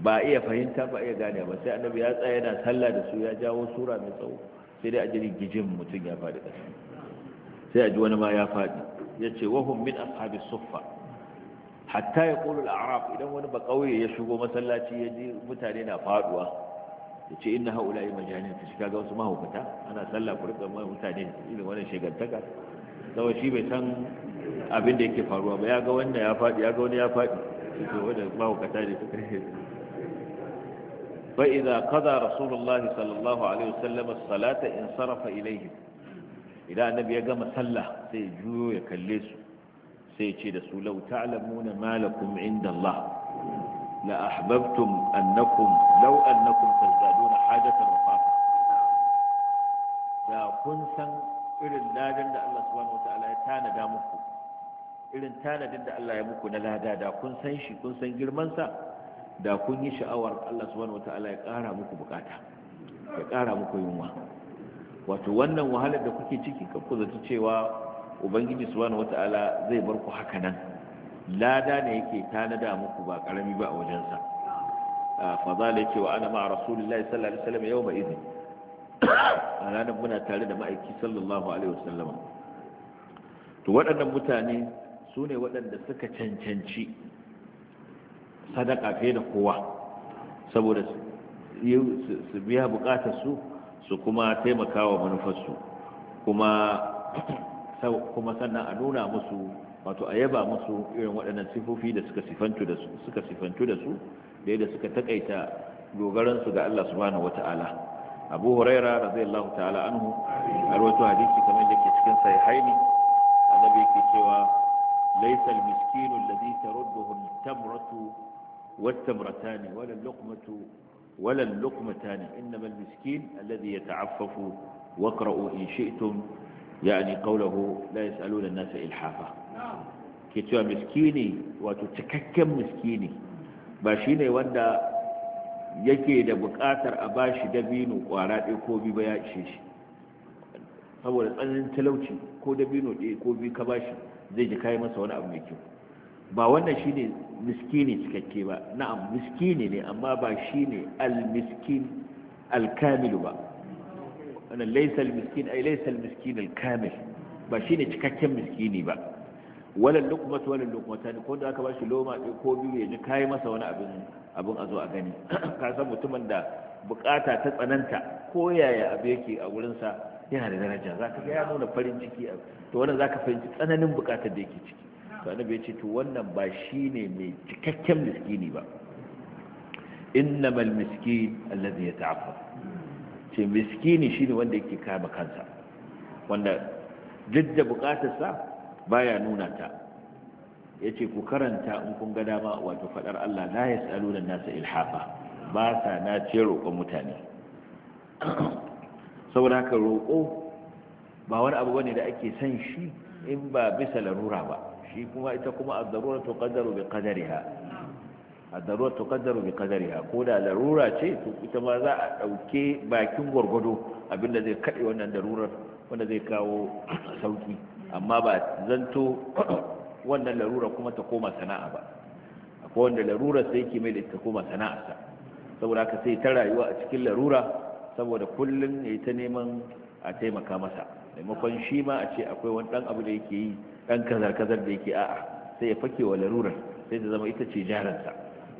ba a iya fahimta ba iya gane ba sai annabi ya tsaye yana sallah da su ya jawo sura mai tsawo sai dai a ji gijin mutum ya faɗi ƙasa sai a ji wani ma ya faɗi ya ce wahum min ashabi suffa hatta ya ƙulu al'arab idan wani ba ƙauye ya shigo masallaci ya ji mutane na faɗuwa ya ce inna haula yi majanin ta shiga ga wasu mahaukata ana sallah ku rika mutane irin wani shigantaka zama shi bai san abin da yake faruwa ba ya ga wanda ya faɗi ya ga wani ya faɗi ya ce wanda mahaukata ne suka فإذا قضى رسول الله صلى الله عليه وسلم الصلاة انصرف إليهم إذا النبي يقام صلى سيجو يكلس سيجي رسول لو تعلمون ما لكم عند الله لأحببتم أنكم لو أنكم تزدادون حاجة رفافة يا كنسا إلن لادن دا الله سبحانه وتعالى تانا دامكم إلن تانا دن دا الله يمكو نلا دا دا كنسا شي كنسا جرمانسا da kun yi sha'awar Allah subhanahu wataala ya ƙara muku bukata ya kara muku yunwa wato wannan wahalar da kuke ciki ka ku zata cewa ubangiji subhanahu wataala zai bar ku haka nan lada ne yake tanada muku ba karami ba a wajensa fa zala yake wa ana ma'a rasulillahi sallallahu alaihi wasallam yawma idin a ranar muna tare da ma'aiki sallallahu alaihi wasallam to waɗannan mutane su ne waɗanda suka cancanci sadaka fiye da kowa saboda su biya bukatar su su kuma taimaka wa manufarsu kuma sannan a nuna musu wato a yaba musu irin waɗannan sifofi da suka sifantu da su suka sifantu da su da yadda suka takaita dogaransu ga Allah subhanahu wata'ala Abu Huraira radiyallahu ta'ala anhu a rawaito hadisi kamar yake ke cikin sahihaini annabi yake cewa laysa al-miskinu alladhi tarudduhu tamratu والتمرتان ولا اللقمة ولا اللقمتان إنما المسكين الذي يتعفف واقرأوا إن شئتم يعني قوله لا يسألون الناس إلحافة كتوى مسكيني وتتككم مسكيني باشيني واندا يكي دبقاتر أباش دبينو وعلاق يكوبي بياتشيش فأولا أنت لوتي كو دبينو يكوبي كباشي زي جكاية مسوانا أبنكيو ba wannan shine miskini cikakke ba na'am miskini ne amma ba shine al-miskin al-kamil ba wannan laysa al-miskin ay laysa al-miskin al-kamil ba shine cikakken miskini ba wala luqmatu wala luqmatan ko da aka ba shi loma ɗaya ko biyu ya ji kai masa wani abin abin a a gani ka san mutumin da bukata ta tsananta ko yaya abu yake a sa yana da daraja zaka ga ya nuna farin ciki to wannan zaka fahimci tsananin bukatar da yake ciki to annabi ya ce to wannan ba shine mai cikakken miskini ba innamal miskin allazi yata'affa ce miskini shine wanda yake kama kansa wanda duk da bukatarsa baya nuna ta yace ku karanta in kun ga dama wato fadar Allah la yasaluna nasa ilhafa ba sa na ce roƙon mutane saboda haka roƙo ba wani abu bane da ake san shi in ba bisa larura ba shi kuma ita kuma ad-darura tuqaddaru bi qadariha ad-darura tuqaddaru bi qadariha ko da larura ce to ita ma za a dauke bakin gurgudu abinda zai kade wannan darurar wanda zai kawo sauki amma ba zanto wannan larura kuma ta koma sana'a ba akwai wanda larura sai yake mai da ta koma sana'arsa saboda haka sai ta rayuwa a cikin larura saboda kullum ya yi ta neman a taimaka masa maimakon shi ma a ce akwai wani dan abu da yake yi dan kazar kazar da yake a'a sai ya fake wa larurar sai ta zama ita ce jaransa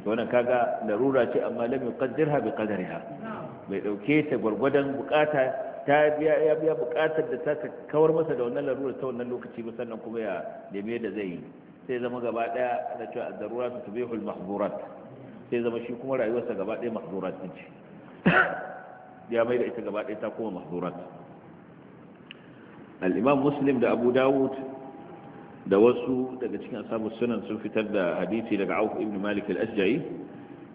to wannan kaga larura ce amma lam yuqaddirha bi qadariha bai dauke ta gurgudan bukata ta biya ya biya bukatar da ta kawar masa da wannan larura ta wannan lokaci ba sannan kuma ya neme da zai yi sai zama gaba daya ana cewa ad-darurat tubihul mahdurat sai zama shi kuma rayuwarsa gaba daya mahdurat ce ya mai da ita gaba daya ta koma mahdurat al'imam muslim da abu dawud da wasu daga cikin asabu sunan sun fitar da hadithi daga auf ibn malik al-asja'i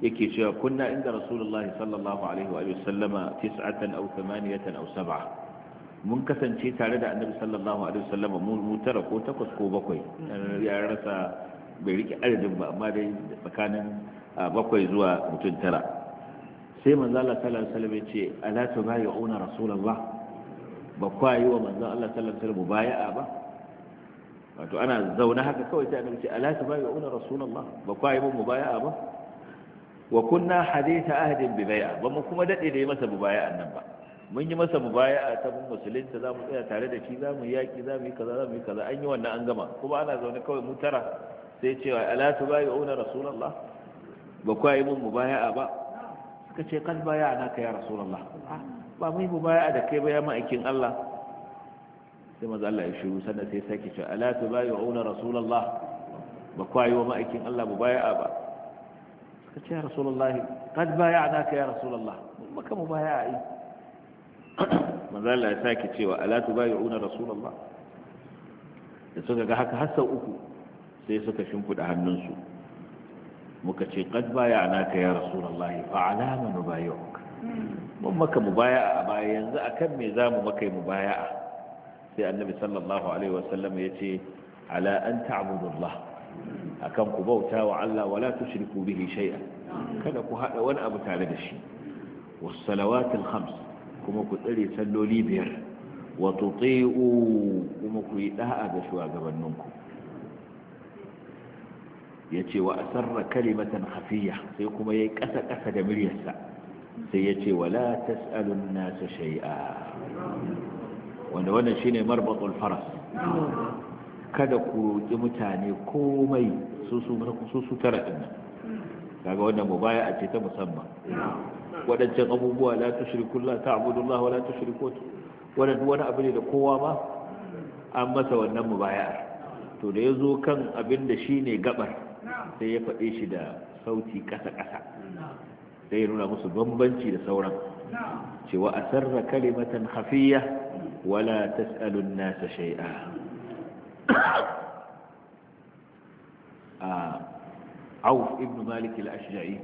yake cewa kunna inda rasulullah sallallahu alaihi wa sallama tis'atan aw thamaniyatan aw sab'a mun kasance tare da annabi sallallahu alaihi wa sallama mu tara ko takwas ko bakwai ya rasa bai rike adadin ba amma dai tsakanin ah, bakwai zuwa mutum tara sai manzo Allah sallallahu alaihi wa sallam ya ce ala tubayyi'una rasulullah ba kwa yi wa manzon Allah sallallahu alaihi wasallam baya'a ba wato ana zaune haka kawai sai annabi ce ala tabayuna rasulullah ba kwa yi mu baya'a ba wa kunna haditha ahdin bi bai'a ba mu kuma dade da yi masa mubaya'a nan ba mun yi masa mubaya'a ta mun musulunta za mu tsaya tare da shi zamu mu yaki zamu yi kaza zamu yi kaza an yi wannan an gama kuma ana zaune kawai mu tara sai cewa ala tabayuna rasulullah ba kwa yi mu mubaya'a ba suka ce kan baya naka ya rasulullah ba mu yi mubaya da kai ba ya ma'aikin Allah sai maza Allah ya shiru sannan sai sake cewa Alatu tu yi auna rasulallah. ba kwayi wa ma'aikin Allah mubaya'a ba suka ce ya rasulullah kad a naka ya rasulullah maka mubaya'a yi maza Allah ya sake cewa Alatu tu yi auna rasulallah. da suka ga haka har sau uku sai suka shimfiɗa hannunsu muka ce kad a naka ya rasulallah, fa alama nubayyuka mun maka mubaya'a a baya yanzu akan me zamu maka mubaya'a sai annabi sallallahu alaihi wasallam ya ce ala an ta'budullah akan ku bauta wa Allah wala tushriku bihi shay'a kada ku hada wani abu tare da shi was salawatil kuma ku tsare salloli biyar wa tuti'u kuma ku yi da'a ga shugabanninku ya ce wa asarra kalimatan hafiya sai kuma ya yi ƙasa-ƙasa da muryarsa sai ya ce wala tas'alun nasa shai'a wanda wannan shi ne marbatul faras kada ku roƙi mutane komai su su tara din daga wannan mu baya a ce ta musamman Waɗancan abubuwa la shirku la ta Allah wa la tushriku wannan wani abu ne da kowa ba? an masa wannan mu baya. to da ya zo kan abin da shi ne gabar sai ya faɗe shi da sauti ƙasa-ƙasa sai nuna musu bambanci da sauran cewa a sarra kalimatan hafiya wala tas'alun nasa shaiɗa. a auf ibn malik al-ashja'i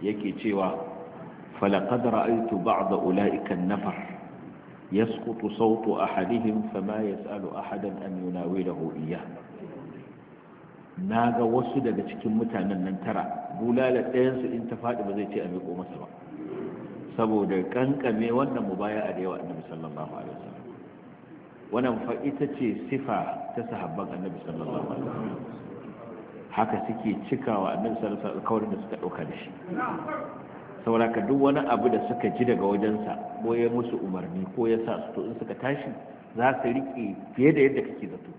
yake cewa falaqad ra'aytu ba'd ula'ika an-nafar yasqutu sawtu ahadihim fama yas'alu ahadan an yunawilahu Na ga wasu daga cikin mutanen nan tara bulala ɗayansu in ta faɗi ba zai ce a miko masa ba saboda kankame wannan mu baya a da yawa annabi sallallahu alaihi wasallam wannan fa ita ce sifa ta sahabban annabi sallallahu alaihi wasallam haka suke cikawa annabi sallallahu alaihi wasallam da suka ɗauka da shi saboda ka duk wani abu da suka ji daga wajensa ko ya musu umarni ko ya sa su to in suka tashi za su riƙe fiye da yadda kake zato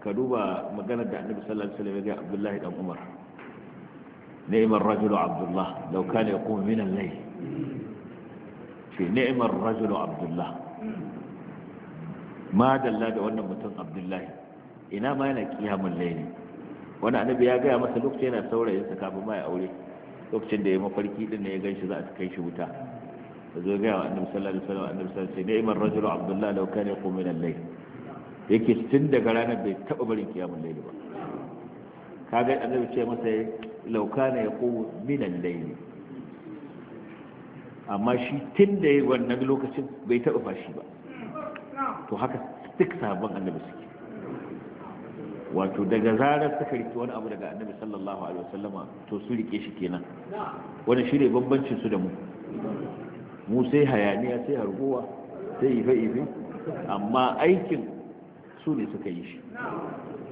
ka duba maganar da annabi sallallahu alaihi wasallam ya ga abdullahi dan umar ni'mar rajulu abdullah law kana yaqumu min al-layl ce ni'mar rajulu abdullah ma dalla da wannan mutum abdullahi ina ma yana kiyamul layli wani annabi ya gaya masa lokacin yana saurayin sa kafin ma ya aure lokacin da ya mafarki din ne ya ganshi za a kai shi wuta zo gaya wa annabi sallallahu alaihi wasallam annabi sallallahu alaihi wasallam ni'mar rajulu abdullah law kana yaqumu min al-layl yake tun daga ranar bai taɓa barin kiyamun laili ba kaga annabi ce masa ya lauka ne ya kowo minan laili amma shi tun da ya wannan lokacin bai taɓa fashi ba to haka duk sabon annabi suke wato daga zarar suka rike wani abu daga annabi sallallahu alaihi wasallama to su rike shi kenan wani shi ne bambancin su da mu mu sai hayaniya sai harguwa sai ife ife amma aikin su ne suka yi shi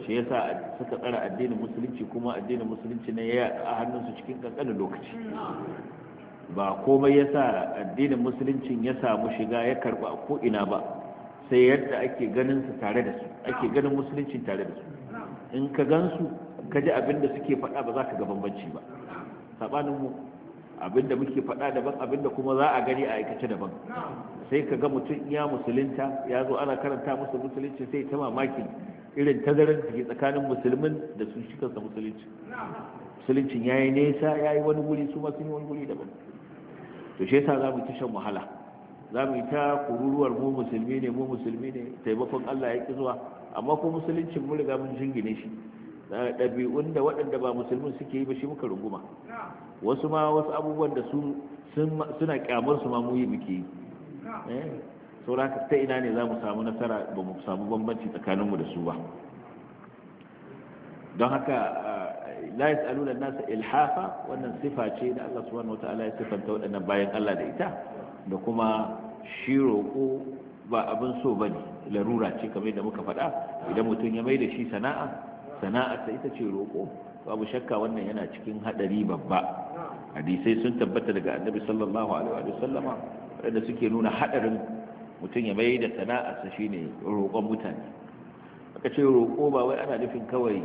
shi yasa suka tsara addinin musulunci kuma addinin musulunci ne ya a hannunsu cikin kankanin lokaci ba komai yasa addinin musuluncin ya samu shiga ya karba ko ina ba sai yadda ake ganin su tare da su ake ganin musuluncin tare da su in ka gansu ka ji abin da suke faɗa ba za ka ga bambanci ba sabanin abinda muke faɗa daban abinda kuma za a gani a aikace daban sai ka ga mutum ya musulunta ya zo ana karanta musu musulunci sai ta mamaki irin tazarar da ke tsakanin musulmin da su shi kansa musulunci musuluncin ya yi nesa ya yi wani guri su masu yi wani guri daban to shi yasa za mu ta shan wahala za mu yi ta kururuwar mu musulmi ne mu musulmi ne taimakon allah ya ƙi zuwa amma ko musuluncin mun riga mun jingine shi ɗabi'un da waɗanda ba musulmin suke yi ba shi muka runguma wasu ma wasu abubuwan da su suna kyamar su ma muyi muke eh? sauraka ta ina ne za mu samu nasara ba mu samu bambanci tsakaninmu da su ba don haka eh, la yas'aluna nasa ilhafa wannan sifa ce da Allah subhanahu wataala ya sifanta waɗannan bayan Allah da ita da kuma shi roƙo ba abin so ba bane larura ce kamar da muka faɗa idan mutum ya mai da shi sana'a sana'a ta ita ce roƙo babu shakka wannan yana cikin hadari babba hadisai sun tabbata daga annabi sallallahu alaihi wa wanda suke nuna hadarin mutum ya mai da sana'a sa shine roƙon mutane aka ce roƙo ba wai ana nufin kawai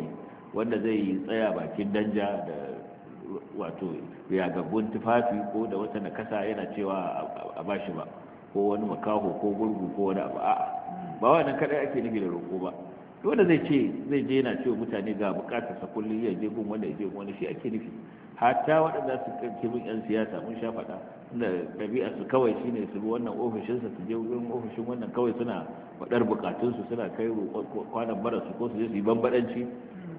wanda zai yi tsaya bakin danja da wato ya yagabbun tufafi ko da wata nakasa yana cewa a bashi ba ko wani makaho ko gurgu ko wani abu a'a ba wannan kadai ake nufi da roƙo ba dole zai ce zai je na cewa mutane ga bukatar sa kullum ya je gun wanda ya je wani shi ake nufi hatta waɗanda su kanke min yan siyasa mun sha faɗa da ɗabi'a su kawai shine su bi wannan ofishin sa su je wurin ofishin wannan kawai suna faɗar bukatun su suna kai kwanan bara su ko su je su yi bambadanci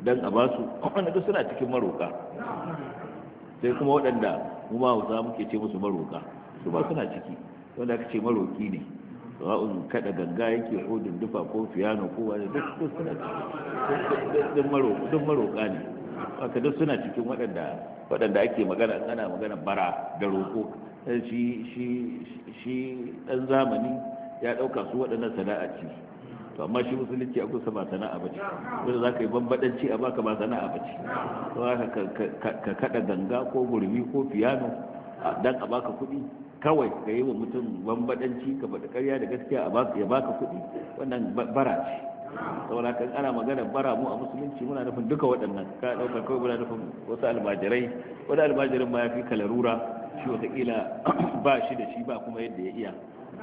dan a basu wannan duk suna cikin maroka sai kuma waɗanda mu ma hausa muke ce musu maroka su ba suna ciki wanda aka ce maroki ne ra'un kada ganga yake ko dindufa ko fiyano ko wani duk suna duk maroƙa ne haka duk suna cikin waɗanda ake magana ana magana bara da roƙo eh, shi shi shi ɗan zamani ya ɗauka su waɗannan sana'a ce to amma shi musulunci a kusa ba sana'a ba ce wanda za ka yi bambaɗanci a baka ba sana'a ba ce to haka ka kaɗa ganga ko gurbi ko fiyano dan a baka kuɗi kawai ka yi wa mutum bambadanci ka bada karya da gaskiya ya baka kuɗi wannan bara ce saboda kan ana magana bara mu a musulunci muna nufin duka waɗannan ka ɗaukar kawai muna nufin wasu almajirai wani almajirin ma ya fi kalarura. Shi shi wataƙila ba shi da shi ba kuma yadda ya iya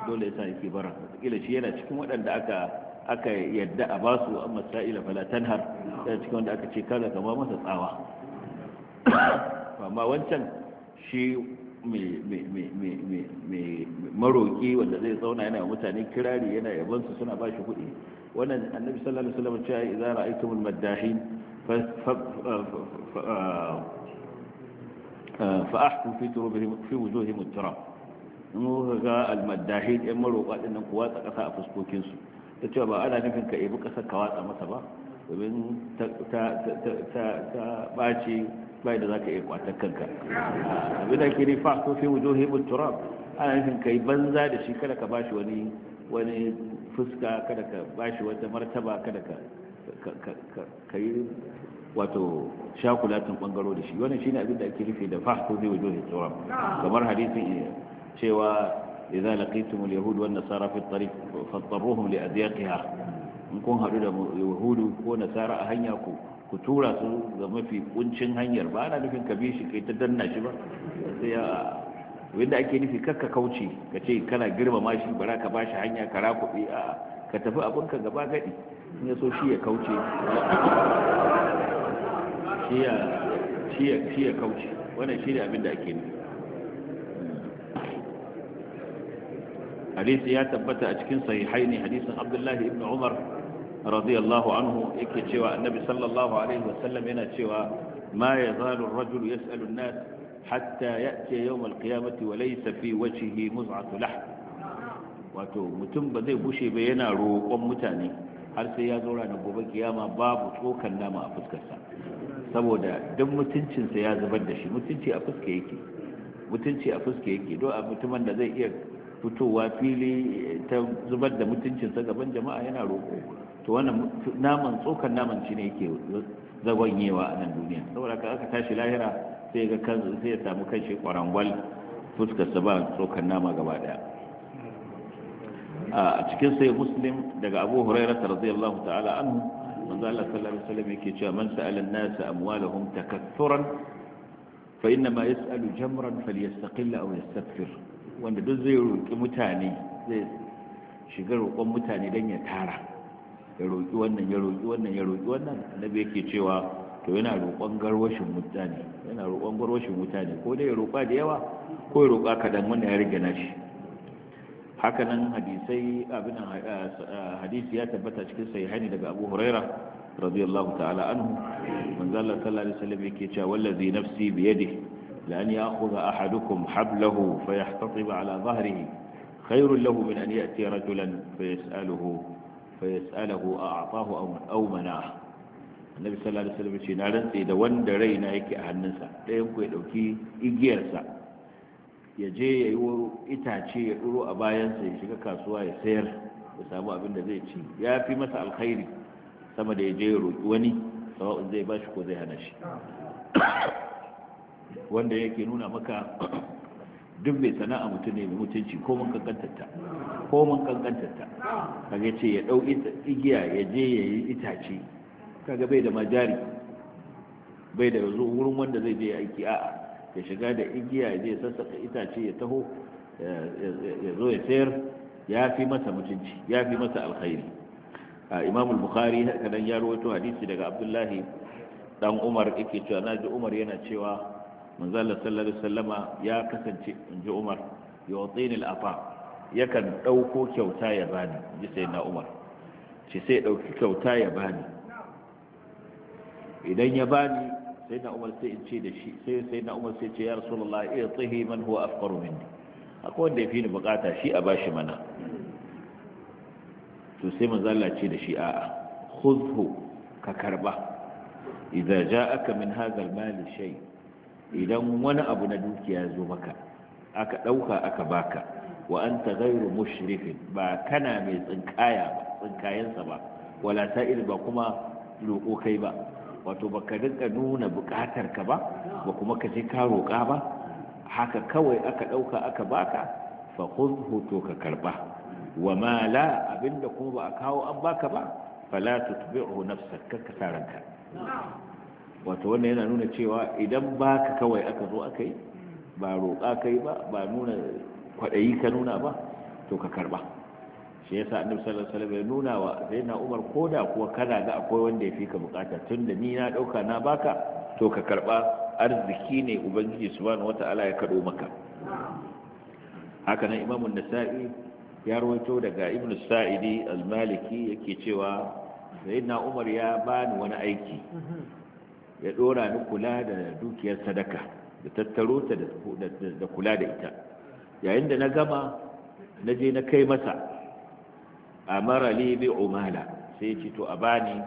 dole ya sa yake bara wataƙila shi yana cikin waɗanda aka aka yadda a basu amma sa'ila fala tanhar yana cikin wanda aka ce kaza kama masa tsawa amma wancan shi maroƙi wanda zai zauna yana mutane kirari yana yabansu suna ba shi kuɗi wannan annabi sallallahu alaihi wasallam cewa idza ra'aytumul maddahin fa ahku fi turubihim fi wujuhihim at-turab in kuka ga al-maddahin ɗan maroƙa din nan ku watsa ƙasa a fuskokin su ta ba ana nufin ka ebi ƙasar ka watsa masa ba domin ta ta ta ta ɓaci bai da ka iya kwatar kanka abin da ke rifa ko fi wujuhihim turab ana nufin kai banza da shi kada ka bashi wani wani fuska kada ka ba shi wata martaba kada ka ka yi wato shakulatin bangaro da shi wannan shine abin da ake rufe da fahto zai wajo da tsoron kamar hadisin cewa idza laqitum al-yahud wa an-nasara fi at-tariq fattaruhum li adyaqiha in kun hadu da yahudu ko nasara a hanya ku ku tura su ga mafi kuncin hanyar ba ana nufin ka bi shi kai ta danna shi ba sai wanda ake nufi kakka kauce ka ce kana girmama shi bara ka bashi hanya ka rakuɓe a ka tafi abinka gaba gadi in ya so shi ya kauce shi ya kauce wannan shi ne abin da ake nufi hadisi ya tabbata a cikin sahihai ne hadisin abdullahi ibn umar radiyallahu anhu yake cewa annabi sallallahu alaihi wasallam yana cewa ma yazalu ar-rajulu yas'alu an-nas hatta ya'ti yawm al-qiyamati wa laysa fi wajhihi muz'atu lahm wato mutum ba zai bushe ba yana roƙon mutane har sai ya zo ranar gobe kiyama babu tsokan nama a fuskarsa saboda duk mutuncinsa ya zubar da shi mutunci a fuska yake mutunci a fuska yake don a mutumin da zai iya fitowa fili ta zubar da mutuncinsa gaban jama'a yana roƙo to wannan naman tsokan naman ci ne yake zagonyewa a nan duniya saboda ka aka tashi lahira sai ga kansa sai ya samu kanshi kwarangwal fuskarsa ba tsokan nama gaba daya a cikin sai muslim daga abu hurairah radiyallahu ta'ala anhu manzo Allah sallallahu alaihi wasallam yake cewa man sa'ala an-nas amwalahum takaththuran fa inna ma yas'alu jamran falyastaqil aw yastakthir wanda duk zai roki mutane zai shiga roƙon mutane dan ya tara ya roƙi wannan ya roƙi wannan ya roƙi wannan annabi yake cewa to yana roƙon garwashin wuta ne yana roƙon garwashin wuta ko dai ya roƙa da yawa ko ya roƙa kaɗan wannan ya rage nashi haka nan hadisai abin eh, eh, hadisi ya tabbata cikin sahihani daga Abu Huraira radiyallahu ta'ala anhu manzo Allah sallallahu alaihi wasallam yake cewa wallazi nafsi bi yadihi la an ya'khudha ahadukum hablahu fayahtatiba ala dhahrihi khairun lahu min an ya'ti rajulan fayasaluhu fa yas'alahu a'tahu aw aw mana annabi sallallahu alaihi wasallam ce na rantse da wanda raina yake a hannunsa ɗayan ku ya dauki igiyarsa ya je ya yi itace ya duro a bayansa ya shiga kasuwa ya sayar ya samu abin da zai ci ya fi masa alkhairi sama da ya je ya roki wani sawa'un zai bashi ko zai hana shi wanda yake nuna maka duk mai sana'a mutum ne mai mutunci ko mun kankantarta ko mun kankantarta kaga ce ya dau igiya ya je ya yi itace kaga bai da majari bai da yanzu wurin wanda zai je aiki a'a ya shiga da igiya ya je sassaka itace ya taho ya zo ya sayar ya fi masa mutunci ya fi masa alkhairi imam al-bukhari kadan ya rawaito hadisi daga abdullahi dan umar yake cewa naji umar yana cewa manzo Allah sallallahu alaihi wasallama ya kasance inji Umar yu'tini al-afa yakan dauko kyauta ya bani inji sayyidina Umar ce sai dauki kyauta ya bani idan ya bani sayyidina Umar sai in ce da shi sai sayyidina Umar sai ce ya rasulullahi i'tihi man huwa afqaru minni akwai wanda yafi ni bukata shi a mana to sai ce da shi a'a khudhu ka karba idza ja'aka min hadha al-mali shay' idan wani abu na dukiya zo maka aka ɗauka aka baka wa an ta gairu mushrifin ba kana mai tsinkaya ba tsinkayensa ba wala ta'il ba kuma roƙo kai ba wato ba ka nuna buƙatar ka ba ba kuma ka je ka roƙa ba haka kawai aka ɗauka aka baka fa kun hoto ka karba wa mala abinda kuma ba a kawo an baka ba fala tutbi'u nafsaka ka taranka wato wannan yana nuna cewa idan baka kawai aka zo aka yi ba roƙa kai ba ba nuna kwaɗayi ka nuna ba to ka karba shi yasa annabi sallallahu alaihi wasallam ya nuna wa na Umar koda kuwa kana ga akwai wanda ya fi ka bukata tunda ni na ɗauka na baka to ka karba arziki ne ubangiji subhanahu wataala ya kaɗo maka haka nan Imam nasai ya rawaito daga Ibn Sa'idi al-Maliki yake cewa sayyidina Umar ya bani wani aiki ya dora ni kula da dukiyar sadaka da tattaro ta da kula da ita yayin da na gama na je na kai masa amara li bi umala sai ce to a bani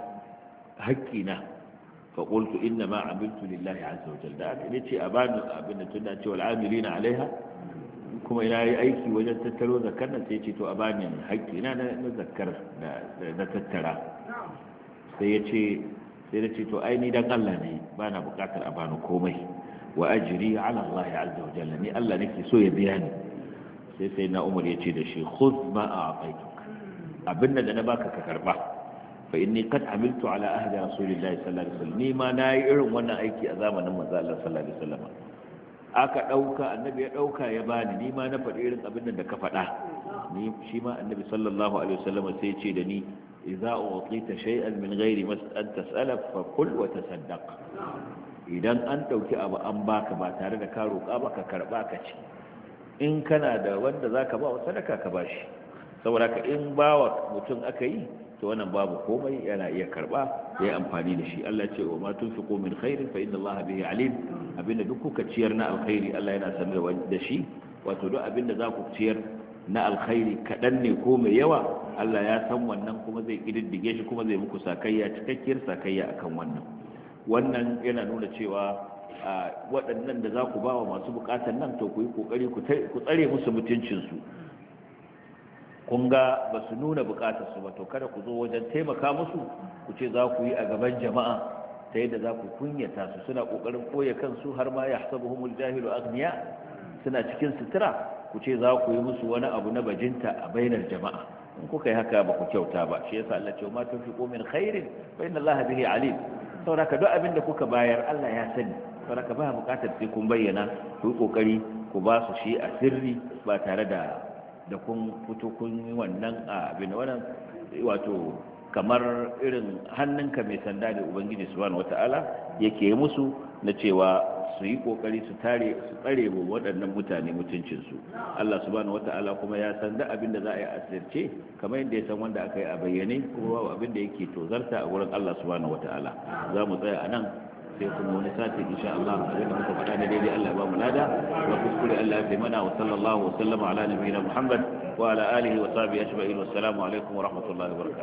hakkina fa qultu inna ma amiltu lillahi azza wa jalla ce a bani abin da tunda ce wal amilina alaiha kuma ina yi aiki wajen tattaro zakar na sai ce to a bani haƙƙi na zakkar da na tattara sai ya ce sai na ce to ai ni dan Allah ne ba na bukatar a bani komai wa ajri ala Allah azza wa jalla ni Allah nake so ya biya ni sai sai na Umar ya ce da shi khudh ma a'taituk Abin da na baka ka karba fa inni qad amiltu ala ahdi rasulillahi sallallahu alaihi wasallam ni ma nayi irin wannan aiki a zamanin manzo Allah sallallahu alaihi wasallam aka dauka annabi ya dauka ya bani ni ma na faɗi irin abin da ka faɗa ni shi ma annabi sallallahu alaihi wasallam sai ya ce da ni za a shay'an min a min gairi tas'ala fa kul wa tasaddaq idan an dauki abu an baka ba tare da ka roƙa ba ka karba ka ci in kana da wanda zaka ba sadaka ka bashi saboda ka in bawa mutum aka yi to wannan babu komai yana iya karba ya yi amfani da shi Allah ce wa ma tunfiqu min khairin fa inna Allah bihi alim abinda duk kuka ciyar na alkhairi Allah yana sanar da shi wato duk abinda za ku ciyar na alkhairi kaɗan ne ko mai yawa Allah ya san wannan kuma zai ƙididdige shi kuma zai muku sakayya cikakkiyar sakayya akan wannan wannan yana nuna cewa waɗannan da za ku ba wa masu buƙatar nan to ku yi ƙoƙari ku tsare musu mutuncinsu kun ga ba su nuna buƙatar su ba to kada ku zo wajen taimaka musu ku ce za ku yi a gaban jama'a ta yadda za ku kunyata su suna ƙoƙarin ɓoye kansu har ma ya humul jahilu agniya suna cikin sutura ku ce za ku yi musu wani abu na bajinta a bainar jama'a in kuka yi haka ba ku kyauta ba shi yasa Allah ce ma tunfiqu min khairin fa inna Allah bihi alim saboda duk abin da kuka bayar Allah ya sani saboda ba bukatar sai kun bayyana ku yi kokari ku ba su shi a sirri ba tare da da kun fito kun yi wannan abin wannan wato kamar irin hannunka mai sanda da ubangiji subhanahu wataala yake musu na cewa su yi kokari su tare su tsare wa waɗannan mutane mutuncinsu Allah subhanahu wata'ala kuma ya san da abin da za a yi asirce kamar yadda ya san wanda aka yi a bayyane kuma babu abin da yake tozarta a wurin Allah subhanahu wata'ala za mu tsaya a nan sai kuma wani sati insha Allah a da muka faɗa da daidai Allah ya ba mu lada wa kuskure Allah ya mana wa sallallahu wa sallama ala nabiyina Muhammad wa ala alihi wa sahbihi ajma'in wa assalamu alaikum wa rahmatullahi wa barakatuh